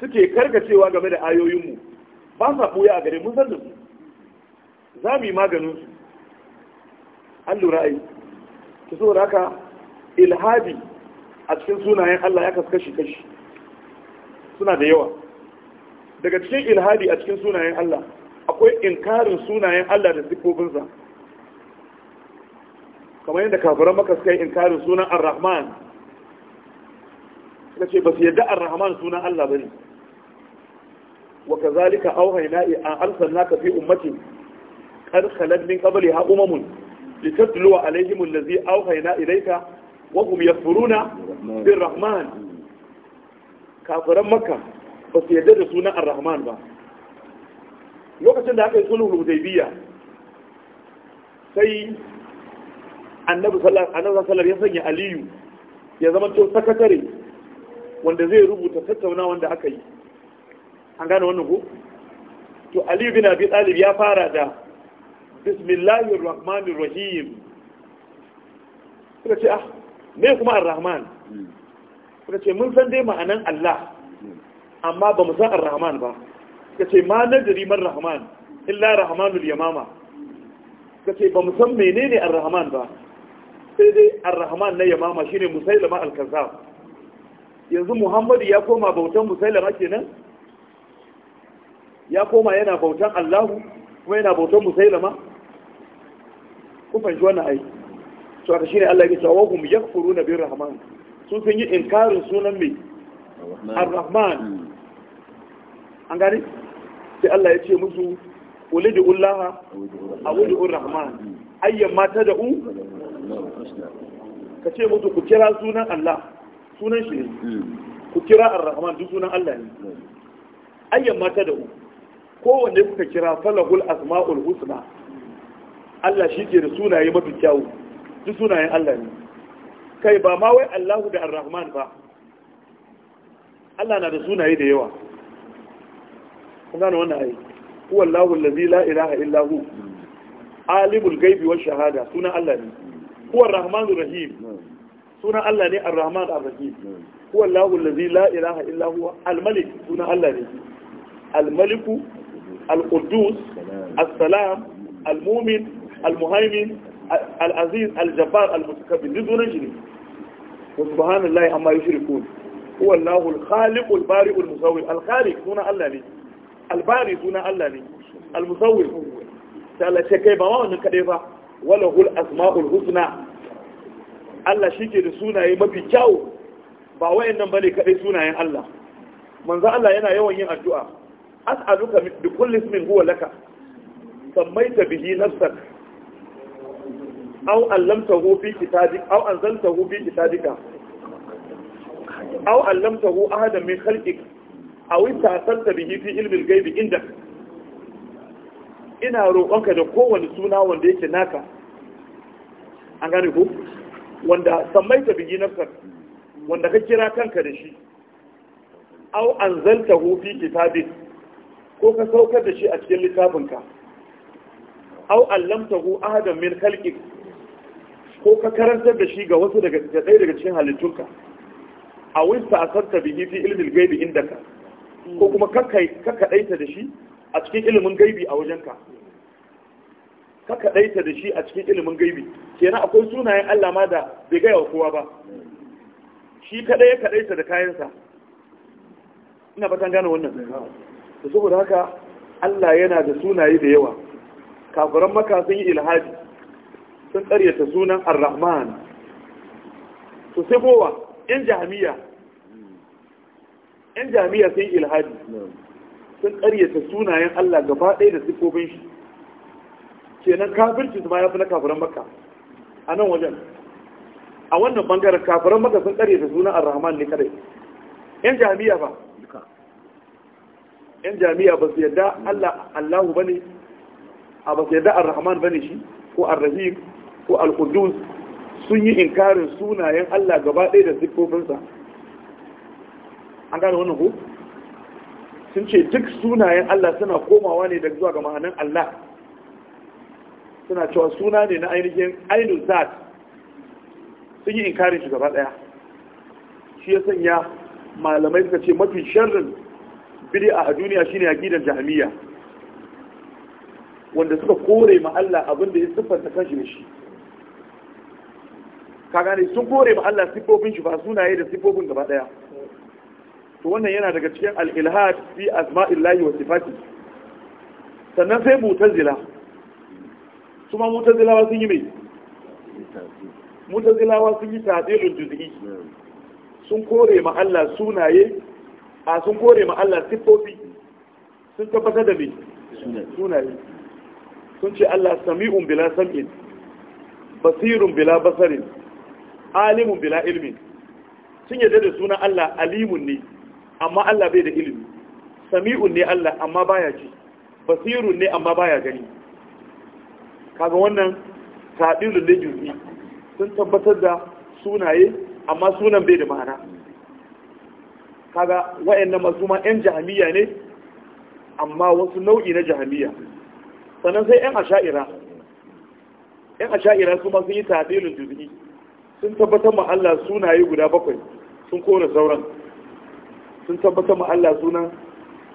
suke karkacewa game da ayoyinmu ba sa ɓuya a gare mun san da su za mu yi maganin su an lura yi ta da haka ilhadi a cikin sunayen Allah ya kasu kashi kashi suna da yawa daga cikin ilhadi a cikin sunayen Allah akwai inkarin sunayen Allah da sa. kamar yadda kafiran maka suka yi inkarin sunan ar-rahman suka ce ba su yadda ar-rahman sunan Allah ba ne. wa kazalika auhayna an arsalnaka fi ummatin qad khalat min qabliha umamun لتتلو عليهم الذي أوحينا إليك وهم يكفرون بالرحمن كافران مكة بس يدد الرحمن با lokacin da aka yi sulhul hudaybiya sai annabi sallallahu alaihi wasallam ya sanya aliyu ya zama to sakatare wanda zai rubuta tattaunawa wanda aka yi an gane wannan ku? to aliyu bin abi talib ya fara da bismillahir rahmanir rahim suka ce ah me kuma ar-rahman suka ce mun san dai ma'anan Allah amma ba mu san ar-rahman ba suka ce ma nadri man rahman illa rahmanul yamama suka ce ba mu san menene ar-rahman ba sai dai ar-rahman na yamama shine musailama al-kazzab yanzu muhammadu ya koma bautan musailama kenan ya koma yana bautan Allahu kuma yana bautan Musailama kun fahimci wannan ai Su aka shine Allah ya ce wa hum yakfuruna bir rahman sun sun yi inkarin sunan mai ar-rahman hmm. an gani sai Allah ya ce musu ulidu ullaha awudu ur-rahman hmm. ayyan da u? ka ce musu ku kira sunan Allah sunan shi ne hmm. ku kira ar-rahman duk sunan Allah ne ayyan da u? kowanne kuka kira falahul asma'ul husna Allah shi ke da sunaye mafi kyawu duk sunayen Allah ne kai ba ma wai Allahu da Ar-Rahman ba Allah na da sunaye da yawa kun gane wannan ayi huwa Allahu allazi la ilaha illa hu alimul ghaibi wash shahada sunan Allah ne huwa Ar-Rahmanur Rahim sunan Allah ne Ar-Rahman Ar-Rahim huwa Allahu allazi la ilaha illa hu al-Malik sunan Allah ne al al-Quddus as-Salam al-Mumin al-Muhaimin al-Aziz al-Jabbar al-Mutakabbir duk sunan shi ne wa subhanallahi amma yushrikun huwa Allahu al-Khaliq al-Bari al-Musawwir al-Khaliq sunan Allah ne al-Bari Allah ne al-Musawwir Allah ce kai ba wannan kadai ba wala Allah shi ke da sunaye mafi kyau ba wayannan ne kadai sunayen Allah manzo Allah yana yawan yin addu'a as'aluka bi kulli ismin huwa laka sammaita bihi nafsak aw allamtahu fi kitabik aw anzaltahu fi kitabika aw allamtahu ahadan min khalqik aw ittasalta bihi fi ilmi al ghayb indak ina roƙonka da kowane suna wanda yake naka an gane ku wanda sammaita bihi nafsak wanda ka kira kanka da shi aw anzaltahu fi kitabik ko ka saukar da shi a cikin littafinka au allamtahu ahadan min khalqik ko ka karantar da shi ga wasu daga ɗaya daga cikin halittunka a wista sarta bihi fi ilmin gaibi indaka ko kuma ka kaɗaita da shi a cikin ilimin gaibi a wajenka ka kaɗaita da shi a cikin ilimin gaibi kenan akwai sunayen Allah ma da bai gaya wa kowa ba shi kaɗai ya kaɗaita da kayansa ina batan gane wannan da saboda haka Allah yana da sunaye da yawa kafiran maka sun yi ilhaji, sun karyata sunan ar-rahman to sai kowa yan jami'a yan jami'a sun yi ilhadi sun karyata sunayen Allah gaba ɗaya da sifofin shi kenan kafirci ma ya fi na kafiran maka a nan wajen a wannan bangaren kafiran maka sun karyata sunan ar-rahman ne kadai yan jami'a ba yan jami'a ba su yadda Allah Allahu bane a ba su yadda Ar-Rahman bane shi ko Ar-Rahim ko Al-Qudus sun yi inkarin sunayen Allah gaba ɗaya da siffofinsa an gane wannan ko sun ce duk sunayen Allah suna komawa ne daga zuwa ga ma'anan Allah suna cewa suna ne na ainihin ainihin zat sun yi inkarin shi gaba ɗaya shi ya sanya malamai suka ce mafi sharrin bid'a a duniya shine aqidan jahmiya wanda suka kore ma Allah abin da ya siffanta kanshi ne shi ka gane sun kore ma Allah siffofin shi ba sunaye da siffofin gaba daya to wannan yana daga cikin al-ilhad fi asma'illahi wa sifati sannan sai mu'tazila su ma mu'tazilawa sun yi mai mu'tazilawa sun yi ta'dilul juz'i sun kore ma Allah sunaye a sun kore ma Allah siffofi sun tabbatar da me sunaye sun ce Allah sami'un bila sam'in basirun bila basarin alimun bila ilmin sun yadda da sunan Allah alimun ne amma Allah bai da ilimi sami'un ne Allah amma baya ji basirun ne amma baya gani kaga wannan tadilul ne sun tabbatar da sunaye amma sunan bai da ma'ana kaga wayannan masu ma yan jahamiya ne amma wasu nau'i na jahamiya sannan sai yan asha'ira yan asha'ira su ma sun yi tadilin juz'i sun tabbatar ma Allah sunaye guda bakwai sun kora sauran sun tabbatar ma Allah sunan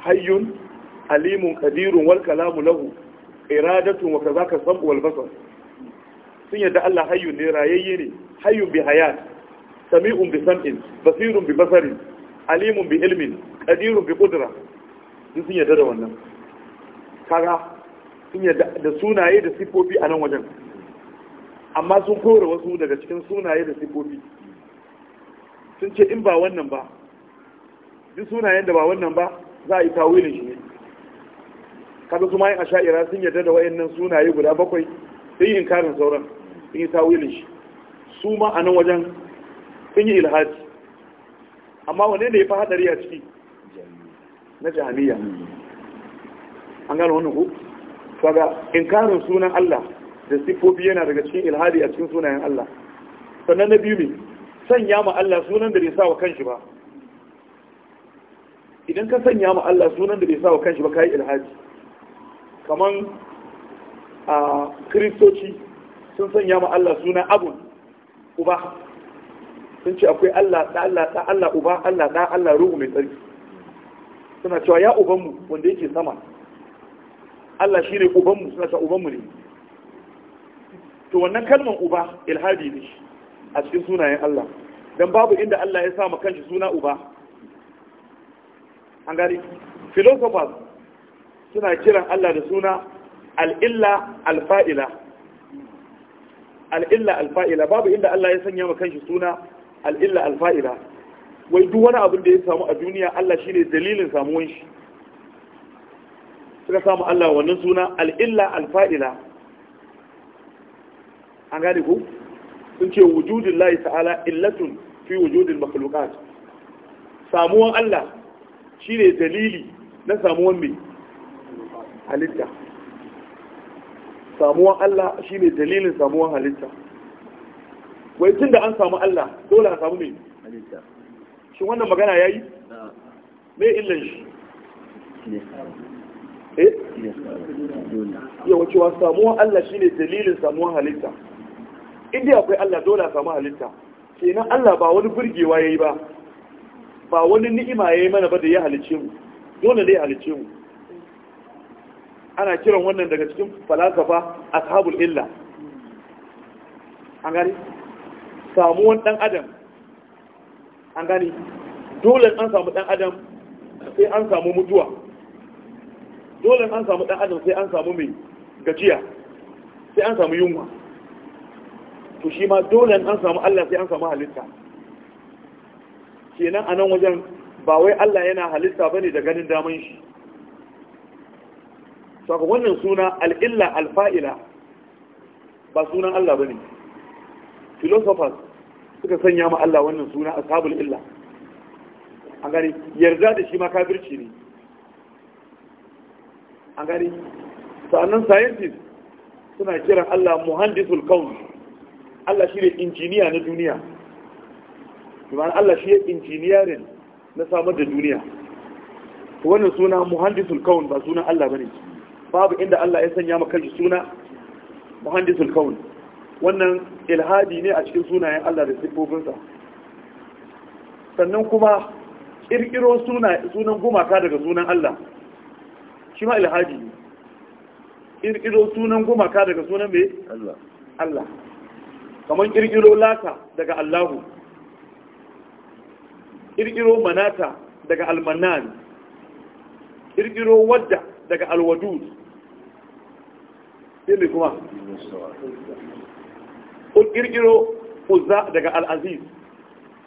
hayyun alimun kadirun wal kalamu lahu iradatu wa ka sabu wal basar sun yadda Allah hayyun ne rayayye ne hayyun bi hayat sami'un bi sam'in basirun bi basarin alimun bi ilmin kadiru bi qudra sun sun yadda da wannan kaga sun yadda da sunaye da sifofi a nan wajen amma sun kore wasu daga cikin sunaye da sifofi sun ce in ba wannan ba duk sunayen da ba wannan ba za a yi tawilin shi ne kaga su mayin asha'ira sun yadda da wayannan sunaye guda bakwai sun yi inkarin sauran sun yi tawilin shi su ma a nan wajen sun yi ilhaji amma wane ne ya fi hadari a ciki na jami'a an gano wannan ku in inkarin sunan Allah da sifofi yana daga cikin ilhadi a cikin sunayen Allah sannan na biyu ne sanya ma Allah sunan da bai sa wa kanshi ba idan ka sanya ma Allah sunan da bai sa wa kanshi ba kai ilhadi kaman a kristoci sun sanya ma Allah sunan abun uba sun ce akwai Allah da Allah da Allah uba Allah da Allah ruhu mai tsarki suna cewa ya ubanmu wanda yake sama Allah shi ne ubanmu suna cewa ubanmu ne to wannan kalman uba ilhadi ne a cikin sunayen Allah dan babu inda Allah ya sa ma kanshi suna uba an gari philosophers suna kiran Allah da suna al al-illa Al-fa'ila babu inda Allah ya sanya ma kanshi suna al'illa alfa'ila wai duk wani abin da ya samu a duniya Allah shi ne dalilin samuwan shi suka samu Allah wannan suna al'illa alfa'ila an gani ku sun ce wujudin layi ta'ala illatun fi wujudin makhlukat samuwan Allah shi ne dalili na samuwan mai halitta samuwan Allah shi ne dalilin samuwan halitta wai tun da an samu Allah dole a samu mai shi wannan magana ya yi mai illan shi eh yawa cewa samuwa Allah shi ne dalilin samuwa halitta inda akwai Allah dole a samu halitta nan Allah ba wani burgewa ya yi ba ba wani ni'ima ya yi mana ba da ya halice mu dole ne ya halice mu ana kiran wannan daga cikin falasafa ashabul illa an gari samuwan ɗan adam an gani dole an samu ɗan adam sai an samu mutuwa dole an samu ɗan adam sai an samu mai gajiya sai an samu yunwa to shi ma dole an samu Allah sai an samu halitta kenan a nan wajen ba wai Allah yana halitta bane da ganin daman shi saka wannan suna al'illa alfa'ila ba sunan Allah bane philosophers suka sanya ma Allah wannan suna ashabul illa an gani yarda da shi ma kafirci ne an gani sa'annan scientist suna kiran Allah muhandisul kaun Allah shi ne injiniya na duniya kuma Allah shi ne injiniyarin na samar da duniya wannan suna muhandisul kaun ba suna Allah bane babu inda Allah ya sanya maka suna muhandisul kaun wannan ilhadi ne a cikin sunayen Allah da siffofinsa sannan kuma kirkiro sunan gumaka daga sunan Allah shi ma ilhadi ne kirkiro sunan gumaka daga sunan mai Allah kamar kirkiro lata daga Allahu kirkiro manata daga almanan kirkiro wadda daga alwadu, sai kuma ko kirkiro uzza daga al-aziz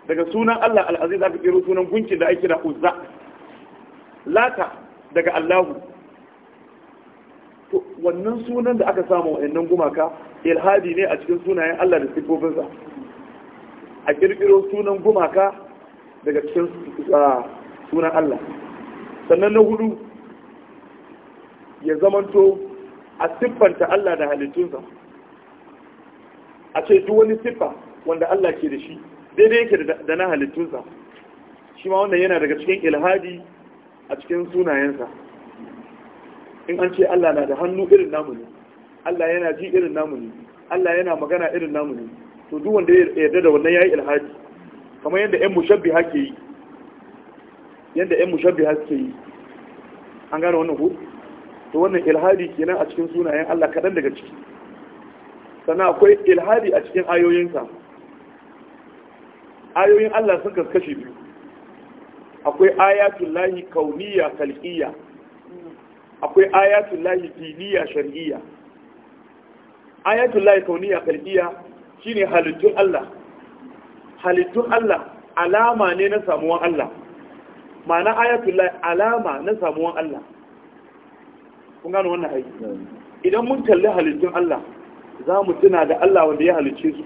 daga sunan Allah al-aziz ka kirkiro sunan gunkin da ake da uzza lata daga Allahu to wannan sunan da aka samu wayannan gumaka ilhadi ne a cikin sunayen Allah da sifofinsa a kirkiro sunan gumaka daga cikin sunan Allah sannan na hudu ya zamanto a siffanta Allah da halittunsa a ce duk wani siffa wanda Allah ke da shi daidai yake da na halittunsa shi ma wannan yana daga cikin ilhadi a cikin sunayensa in an ce Allah na da hannu irin namu ne Allah yana ji irin namu ne Allah yana magana irin namu ne to duk wanda ya yarda da wannan yayi ilhadi kamar yadda ƴan mushabbi hake yi yadda ƴan mushabbi hake yi an gane wannan ko to wannan ilhadi kenan a cikin sunayen Allah kadan daga ciki sannan akwai ilhadi a cikin ayoyinsa ayoyin Allah sun kaskashi biyu akwai ayatun lahi kauniya kalkiya akwai ayatun lahi diniya shari'iya ayatun lahi kauniya shi shine halittun Allah halittun Allah alama ne na samuwan Allah ma'ana ayatun lahi alama na samuwan Allah kun gano wannan hayi idan mun kalli halittun Allah za mu tuna da Allah wanda ya halicce su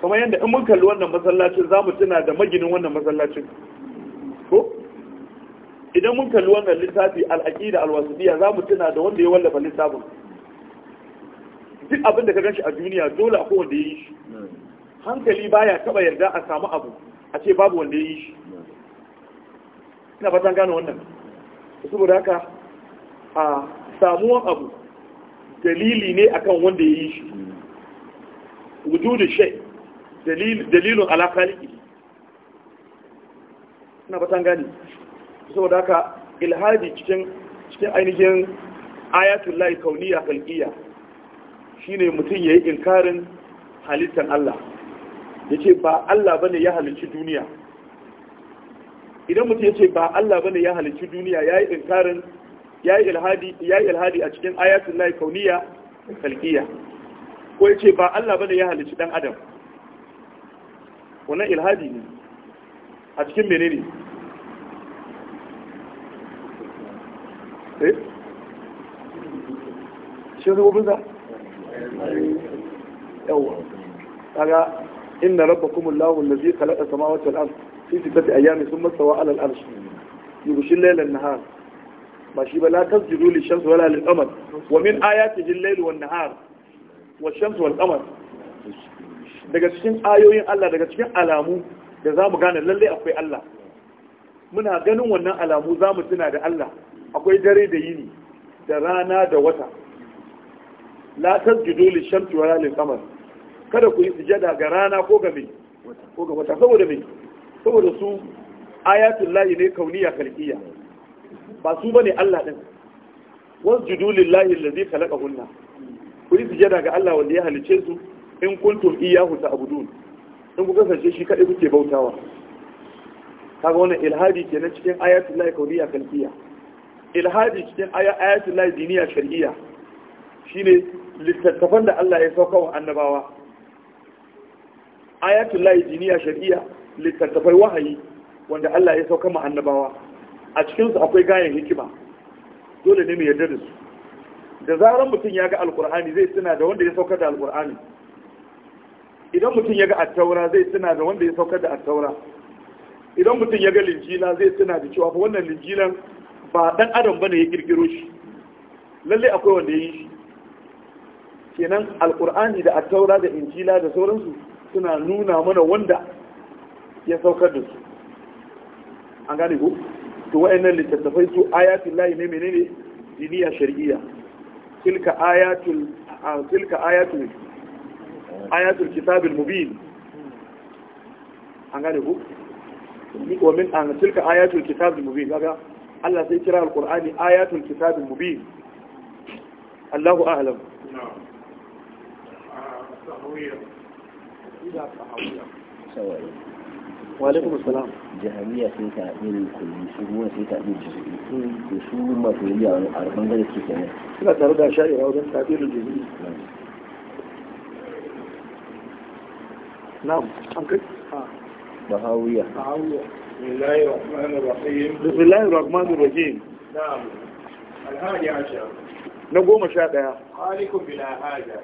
kamar yadda in mun kalli wannan masallacin za mu tuna da maginin wannan masallacin ko idan mun kalli wannan littafi al'aƙida alwasudiya za mu tuna da wanda ya wallafa littafin duk abin da ka ganshi a duniya dole akwai wanda ya yi shi hankali baya taba yarda a samu abu a ce babu wanda ya yi shi ina fatan gane wannan saboda haka a samuwan abu dalili ne akan wanda ya yi shi wujudu shai dalilun alakaliki na tan gani saboda haka ilhadi cikin cikin ainihin ayatul lahi kauniya kalkiya shine mutum yayi inkarin halittan Allah yace ba Allah bane ya halicci duniya idan mutum yace ba Allah bane ya halicci duniya yayi inkarin ya yi ilhadi a cikin ayatun lai kauniya kalkiya ko ya ce ba Allah bane ya halici dan adam wannan ilhadi ne a cikin menene eh shi rububin sa yawa kaga inna da allazi khalaqa samawati wal ardh fi sittati ayamin thumma stawa ala al arsh yughshil layla an-nahar ba shi ba la tasjudu li shams wala lil qamar wa min ayati lil layl wan nahar wa shamsu wal qamar daga cikin ayoyin Allah daga cikin alamu da zamu gane lalle akwai Allah muna ganin wannan alamu zamu tuna da Allah akwai dare da yini da rana da wata la tasjudu li shams wala lil qamar kada ku yi sujada ga rana ko ga mai ko ga wata saboda mai saboda su ayatul lahi ne kauniya kalkiya ba su bane Allah din wasjudu lillahi allazi khalaqahunna ku yi sujada ga Allah wanda ya halice su in kuntum iyyahu ta'budun in ku kasance shi kadai kuke bautawa kaga wannan ilhadi nan cikin ayatul lahi kauniya kalfiya ilhadi cikin ayatul lahi diniya shar'iyya shine littattafan da Allah ya sauka wa annabawa ayatul lahi diniya shar'iyya littattafai wahayi wanda Allah ya sauka ma annabawa a cikinsu akwai gayan hikima dole ne mu yarda da su da zarar mutum ya ga alkur'ani zai tuna da wanda ya saukar da alkur'ani idan mutum ya ga attaura zai tuna da wanda ya saukar da attaura idan mutum ya ga linjila zai tuna da cewa wannan linjilan ba dan adam bane ya kirkiro shi lalle akwai wanda ya yi shi kenan alkur'ani da attaura da injila da sauransu suna nuna mana wanda ya saukar da su an gane ku to wa'annan littattafai su ayatul lahi ne menene diniya shar'iyya tilka ayatul tilka ayatul ayatul kitabil mubin an gane ku wa min an tilka ayatul kitabil mubin kaga Allah sai kira alqur'ani ayatul kitabil mubin Allahu a'lam na'am walaikum salam jahamiya sai ta irin kulli su kuma sai ta irin jizuri to su masu yi a wani bangare su kenan suna tare da sha'ira wajen ta irin jizuri na'am an kai ah. bahawiya bahawiya bismillahir rahmanir rahim bismillahir rahmanir rahim na'am alhaji ashar na goma sha ɗaya halikun bila haja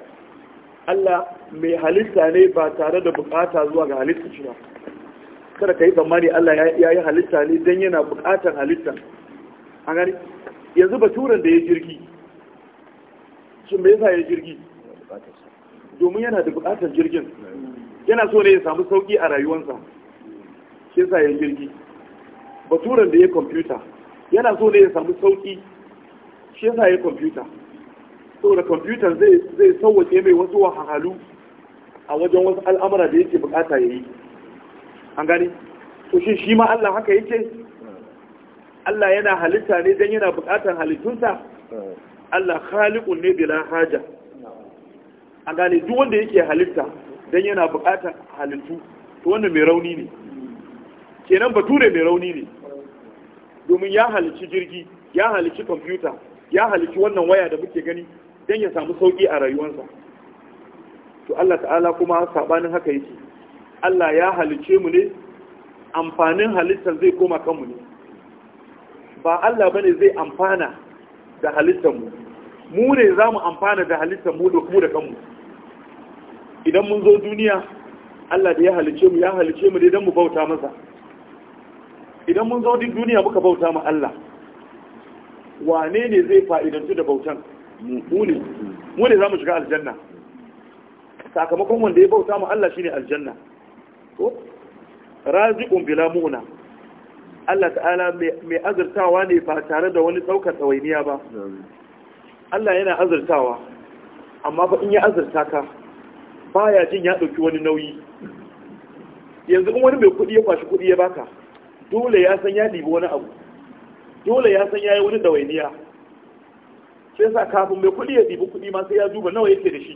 Allah mai halitta ne ba tare da bukata zuwa ga halitta shi ba kada ka yi tsammani Allah ya yi halitta ne don yana buƙatar halitta a gani yanzu baturan da ya jirgi shin me yasa ya jirgi domin yana da buƙatar jirgin yana so ne ya samu sauƙi a rayuwansa, shi yasa ya jirgi baturan da ya kwamfuta yana so ne ya samu sauƙi shi yasa ya kwamfuta da kwamfutan zai sauwaƙe mai wasu wahalhalu a wajen wasu al'amura da yake buƙata ya yi an gani to shi shi ma Allah haka yake Allah yana halitta ne don yana bukatar halittunsa Allah khaliqun ne bila haja an gane duk wanda yake halitta don yana bukatar halittu to wannan mai rauni ne kenan bature mai rauni ne domin ya halici jirgi ya halici kwamfuta ya halici wannan waya da muke gani don ya samu sauki a rayuwarsa to Allah ta'ala kuma sabanin haka yake Allah ya halice mu ne amfanin halittar zai koma kanmu ne ba Allah bane zai amfana da halittar mu mu ne za mu amfana da halittar mu da kuma da kanmu idan mun zo duniya Allah da ya halice mu ya halice mu idan mu bauta masa idan mun zo duniya muka bauta ma Allah wane ne zai fa'idantu da bautan mu ne mu ne za mu shiga aljanna sakamakon wanda ya bauta ma Allah shine aljanna ko raziqun bila muna Allah ta'ala mai azurtawa ne ba tare da wani ɗaukar tsawainiya ba Allah yana azurtawa amma fa in ya azurta ka ya jin ya dauki wani nauyi yanzu in wani mai kudi ya kwashi kudi ya baka dole ya san ya dibi wani abu dole ya san yayi wani dawainiya sai sa kafin mai kudi ya dibi kudi ma sai ya duba nawa yake da shi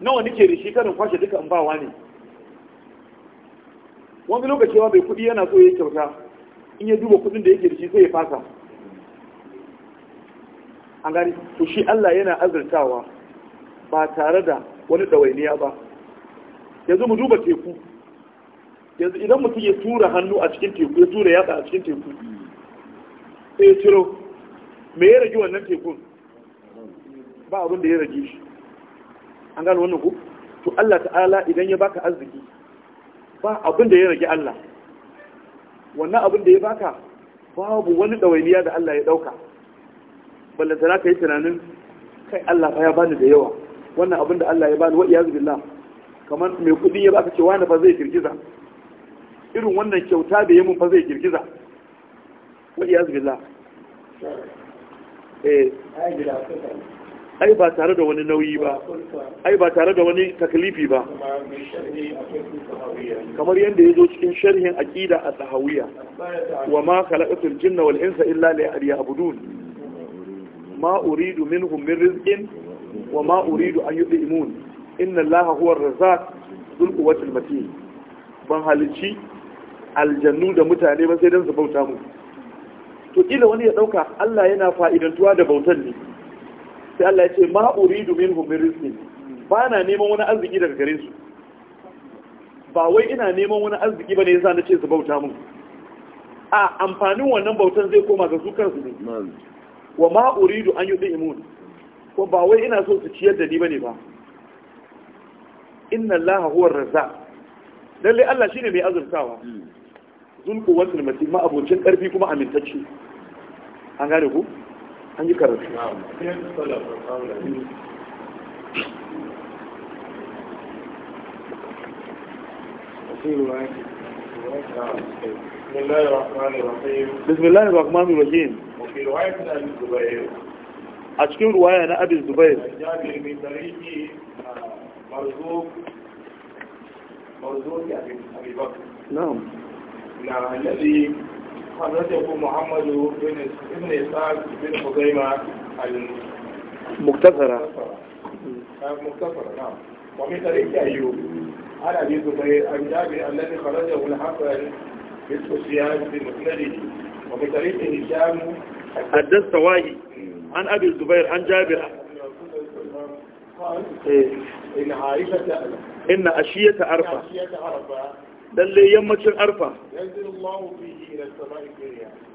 nawa nake da shi karin kwashe duka in ba wani wani lokaci ba mai kuɗi yana so ya kyauta in ya duba kuɗin da yake da shi sai ya fasa an gani to shi Allah yana azurtawa ba tare da wani dawainiya ba yanzu mu duba teku yanzu idan mutum ya tura hannu a cikin teku ya tura yatsa a cikin teku sai ya ciro me ya rage wannan tekun ba abin da ya rage shi an gani wannan ku to Allah ta'ala idan ya baka arziki ba abin da ya rage Allah wannan abin da ya baka babu wani ɗawainiya da Allah ya ɗauka za ka yi tunanin kai Allah ya bani da yawa wannan abin da Allah ya bani wa iyazu billah kamar mai kuɗi ya baka cewa na fa zai girgiza irin wannan kyauta da ya fa zai girgiza wa iyazu billah eh ai gida kuka ai ba tare da wani nauyi ba ai ba tare da wani taklifi ba kamar yadda ya zo cikin sharhin aqida a sahawiya wa ma khalaqatul jinna wal insa illa liya'budun ma uridu minhum min rizqin wa ma uridu an yud'imun inna allaha huwa ar-razzaq dhul quwwatil matin ban halici aljannu da mutane ba sai dan su bauta mu to kila wani ya dauka Allah yana fa'idantuwa da bautan ne sai Allah ya ce ma uridu minhum min rizqin ba na neman wani arziki daga gare su ba wai ina neman wani arziki bane yasa na ce su bauta mun a amfanin wannan bautan zai koma ga su kansu ne wa ma uridu an yudi imun ko ba wai ina so su ciyar da ni bane ba inna allaha huwar raza. lalle Allah shine mai azurtawa hmm. zulku wasul masima ma abocin karfi kuma amintacce an gane ku نعم. بسم الله الرحمن الرحيم بسم الله الرحمن الرحيم وفي رواية أبي الزبير أشكي رواية أنا أبي الزبير جابر من طريق آه، مرزوق مرزوق يعني أبي بكر نعم نعم الذي حدثه محمد بن ابن إسحاق بن خزيمة المختصرة آه، مختصرة نعم ومن طريق أيوب عن أبي زبير عن جابر الذي خرجه الحسن مثل في بمسنده ومن طريق هشام حدثت واهي عن أبي الزبير عن جابر قال إن عائشة إن أشية عرفه lalle yammacin arfa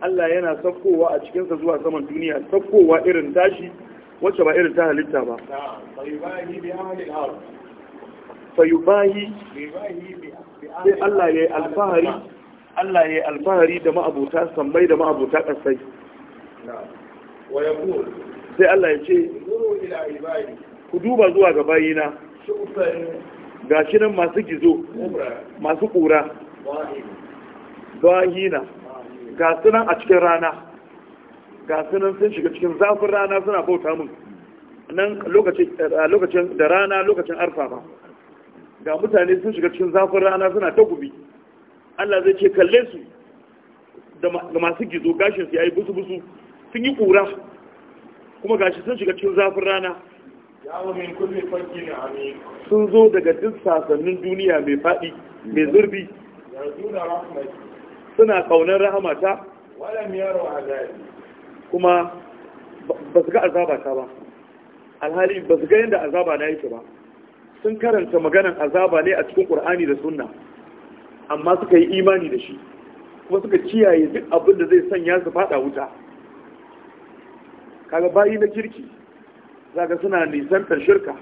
Allah yana sakkowa a cikinsa zuwa saman duniya sakkowa irin tashi wacce ba irin ta halitta ba fayubahi sai Allah ya yi alfahari Allah ya yi alfahari da ma'abuta sambai da ma'abuta ƙasai sai Allah ya ce ku duba zuwa ga bayina ga shi nan masu gizo masu ƙura bahina ga nan a cikin rana ga nan sun shiga cikin zafin rana suna bauta mun nan eh, lokacin da rana lokacin arfa ba ga mutane sun shiga cikin zafin rana suna ta gubi Allah zai ce kalle su da masu gizo gashin su yi busu busu sun yi ƙura kuma gashi sun shiga cikin zafin rana sun zo daga duk sasannin duniya mai faɗi mai zurbi suna kaunar rahamata kuma ba su ga azabata ba alhali ba su ga yadda azaba na yake ba sun karanta maganan azaba ne a cikin ƙur'ani da sunna amma suka yi imani da shi kuma suka kiyaye duk abin da zai sanya su faɗa wuta kaga bayi na kirki kaga suna nisantar shirka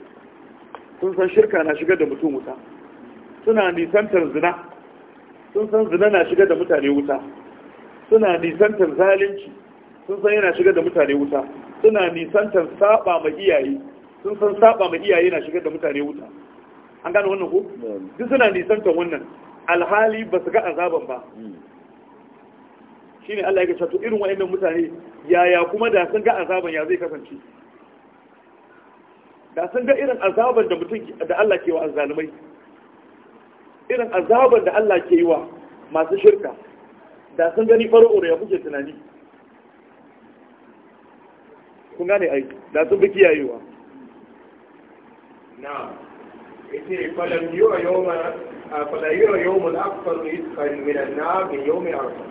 sun san shirka na shiga da mutum wuta suna nisantar zina sun san zina na shiga da mutane wuta suna nisantar zalunci sun san yana shiga da mutane wuta suna nisantar saba ma iyaye sun san saba ma iyaye na shiga da mutane wuta an gane wannan ko duk suna nisantar wannan alhali ba su ga azaban ba shine Allah ya ce to irin waɗannan mutane yaya kuma da sun ga azaban ya zai kasance da sun ga irin azaban da mutum da Allah ke wa azzalumai irin azaban da Allah ke yi wa masu shirka da sun gani da ya kuke tunani kun gane ai da sun bi kiyayewa na ita falam yiwa yawma falam yiwa yawmul akfar isfan min an-nar min yawmi arfa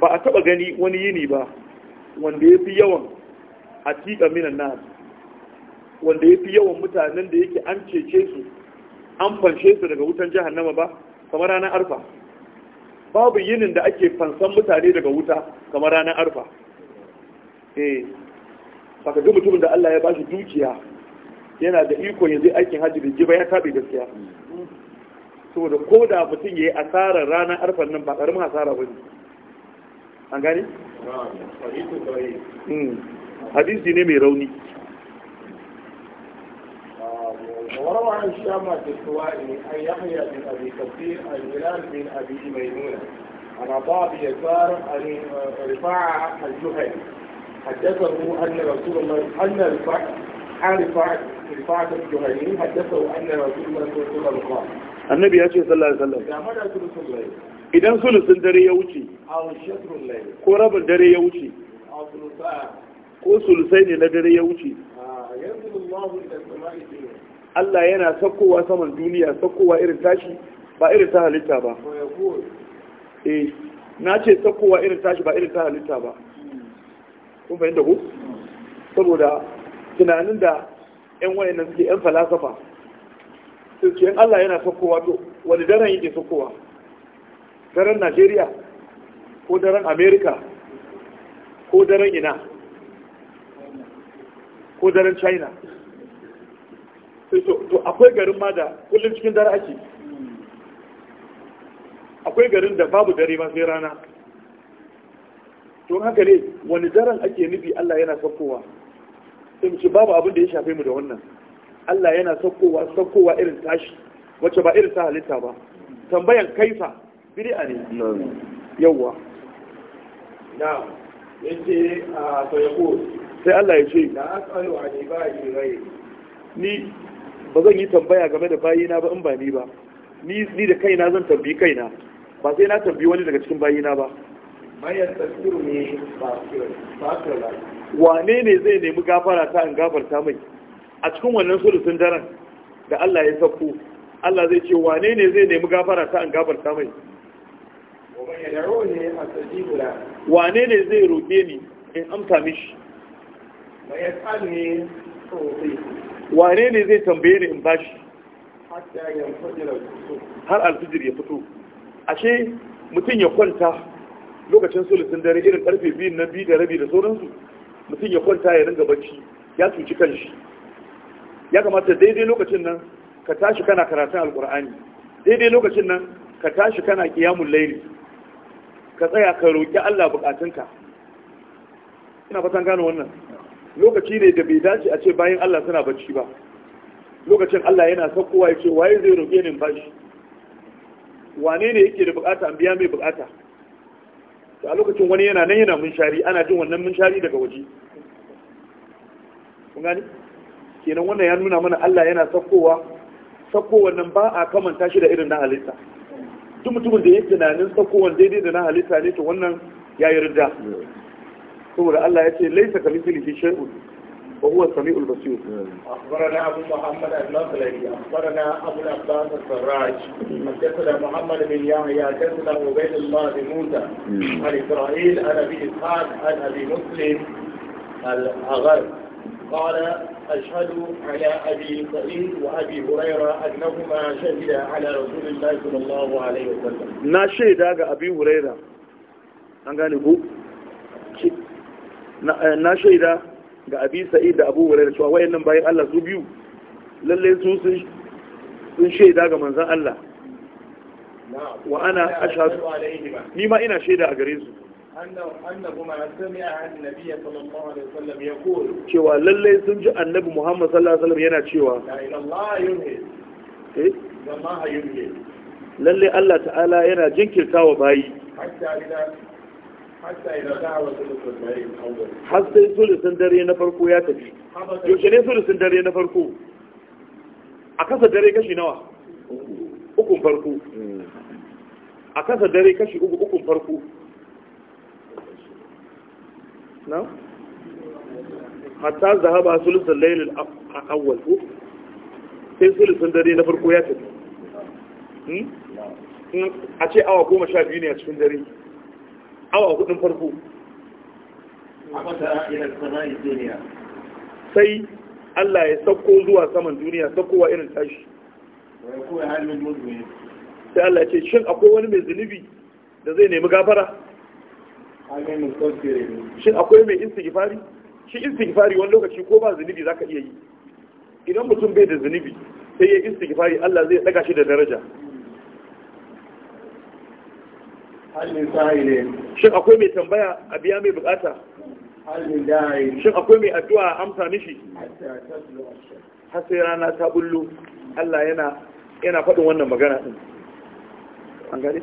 ba a taba gani wani yini ba wanda yafi yawan atika min an-nar wanda ya fi yawan mutanen da yake an cece su an fanshe su daga wutan jahannama ba kamar ranar arfa babu yinin da ake fansan mutane daga wuta kamar ranar arfa eh saka ga mutumin da Allah ya ba shi dukiya yana da iko ya je aikin hajji da jiba ya tabi gaskiya saboda ko da mutum ya yi asarar ranar arfan nan ba karamin asara ba ne an gani? Hmm, hadisi ne mai rauni وروى عن شامة الحوائي أن يحيى بن أبي كثير عن هلال بن أبي ميمونة عن عطاء بن يسار عن رفاعة الجهني حدثه أن رسول الله أن رفاعة عن رفاعة الجهني حدثه أن رسول الله صلى الله عليه وسلم قال النبي صلى الله عليه وسلم إذا مدى ثلث الليل idan الليل dare الدري wuce أو rabin dare ya wuce ko آه ينزل الله إلى السماء wuce Allah yana sakkowa saman duniya sakkowa irin tashi ba irin ta halitta ba eh na ce sakkowa irin tashi ba irin ta halitta ba kun fahimta ku saboda tunanin da yan wayannan suke yan falasafa su ce yan Allah yana sakkowa to wani daren yake sakkowa daren Najeriya ko daren Amerika, ko daren ina ko daren China to akwai garin ma da kullum cikin dare ake akwai garin da babu dare ma sai rana to haka ne wani daren ake nufi Allah yana saukowa in ci babu abin da ya shafe mu da wannan Allah yana saukowa saukowa irin tashi wacce ba irin ta halitta ba tambayan kaifa a ne yawwa na yace a ah, to ko sai Allah ya ce la asalu a ke rai ni ba zan yi tambaya game da bayina ba in ba ni ba ni da kaina zan tambi kaina ba sai na tambi wani daga cikin bayina ba bayan tasiru ne wane ne zai nemi gafara ta in gafarta mai a cikin wannan sulusun daren da Allah ya sauko Allah zai ce wane ne zai nemi gafara ta in gafarta mai wane ne zai roƙe ni in amsa mishi wane ne zai tambaye ni in bashi har alfijir ya fito ashe mutum ya kwanta lokacin sulisin dare irin karfe biyun na biyu da rabi da sauransu mutum ya kwanta ya ringa bacci ya cuci kanshi ya kamata daidai lokacin nan ka tashi kana karatun alkur'ani daidai lokacin nan ka tashi kana kiyamun laili ka tsaya ka roƙi Allah bukatunka ina fatan gano wannan lokaci ne da bai dace a ce bayan Allah suna bacci ba lokacin Allah yana saukowa ya ce waye zai roƙe ni bashi wane ne yake da bukata an biya mai bukata a lokacin wani yana nan yana munshari ana jin wannan munshari daga waje kun gani kenan wannan ya nuna mana Allah yana saukowa saukowar nan ba a kamanta shi da irin na halitta duk mutumin da ya tunanin saukowar daidai da na halitta ne to wannan ya yi ridda ثم قال له ليس كمثله شيء وهو السميع البصير اخبرنا ابو محمد الناصري اخبرنا ابو الاقدام السراج حدثنا محمد بن يحيى حدثنا عبيد الله بن موسى عن اسرائيل عن ابي اسحاق عن ابي مسلم الاغر قال اشهد على ابي سعيد وابي هريره انهما شهدا على رسول الله صلى الله عليه وسلم ناشد على ابي هريره ان قال Eh, na shaida ga abi sa'id da abu hurairah cewa wa'yan wayannan bayan Allah su biyu lalle su sun shaida ga manzan Allah wa ana ashhadu ni ma ina shaida a gare su cewa lallai sun ji annabi muhammad sallallahu alaihi yana cewa lallai eh? allah ta'ala yana jinkirta wa bayi har sai sulusun dare na farko ya tafi yaushe ne sulusun dare na farko a kasa dare kashi nawa ukun farko a kasa dare kashi uku ukun farko na? hatta zahaba sulusun lailin awwal ko sai sulusun dare na farko ya tafi hmm? a ce awa goma sha biyu ne a cikin dare awa hudun farko sai Allah ya sauko zuwa saman duniya saukowa irin tashi sai Allah ce shin akwai wani mai zunubi da zai nemi gafara shin akwai mai istighfari shi istighfari wani lokaci ko ba zunubi zaka iya yi idan mutum bai da zunubi sai ya istighfari Allah zai daga shi da daraja shin akwai mai tambaya a biya mai bukata shin akwai mai addu'a a amsa mishi har sai rana ta bullo Allah yana faɗin wannan magana din. an gane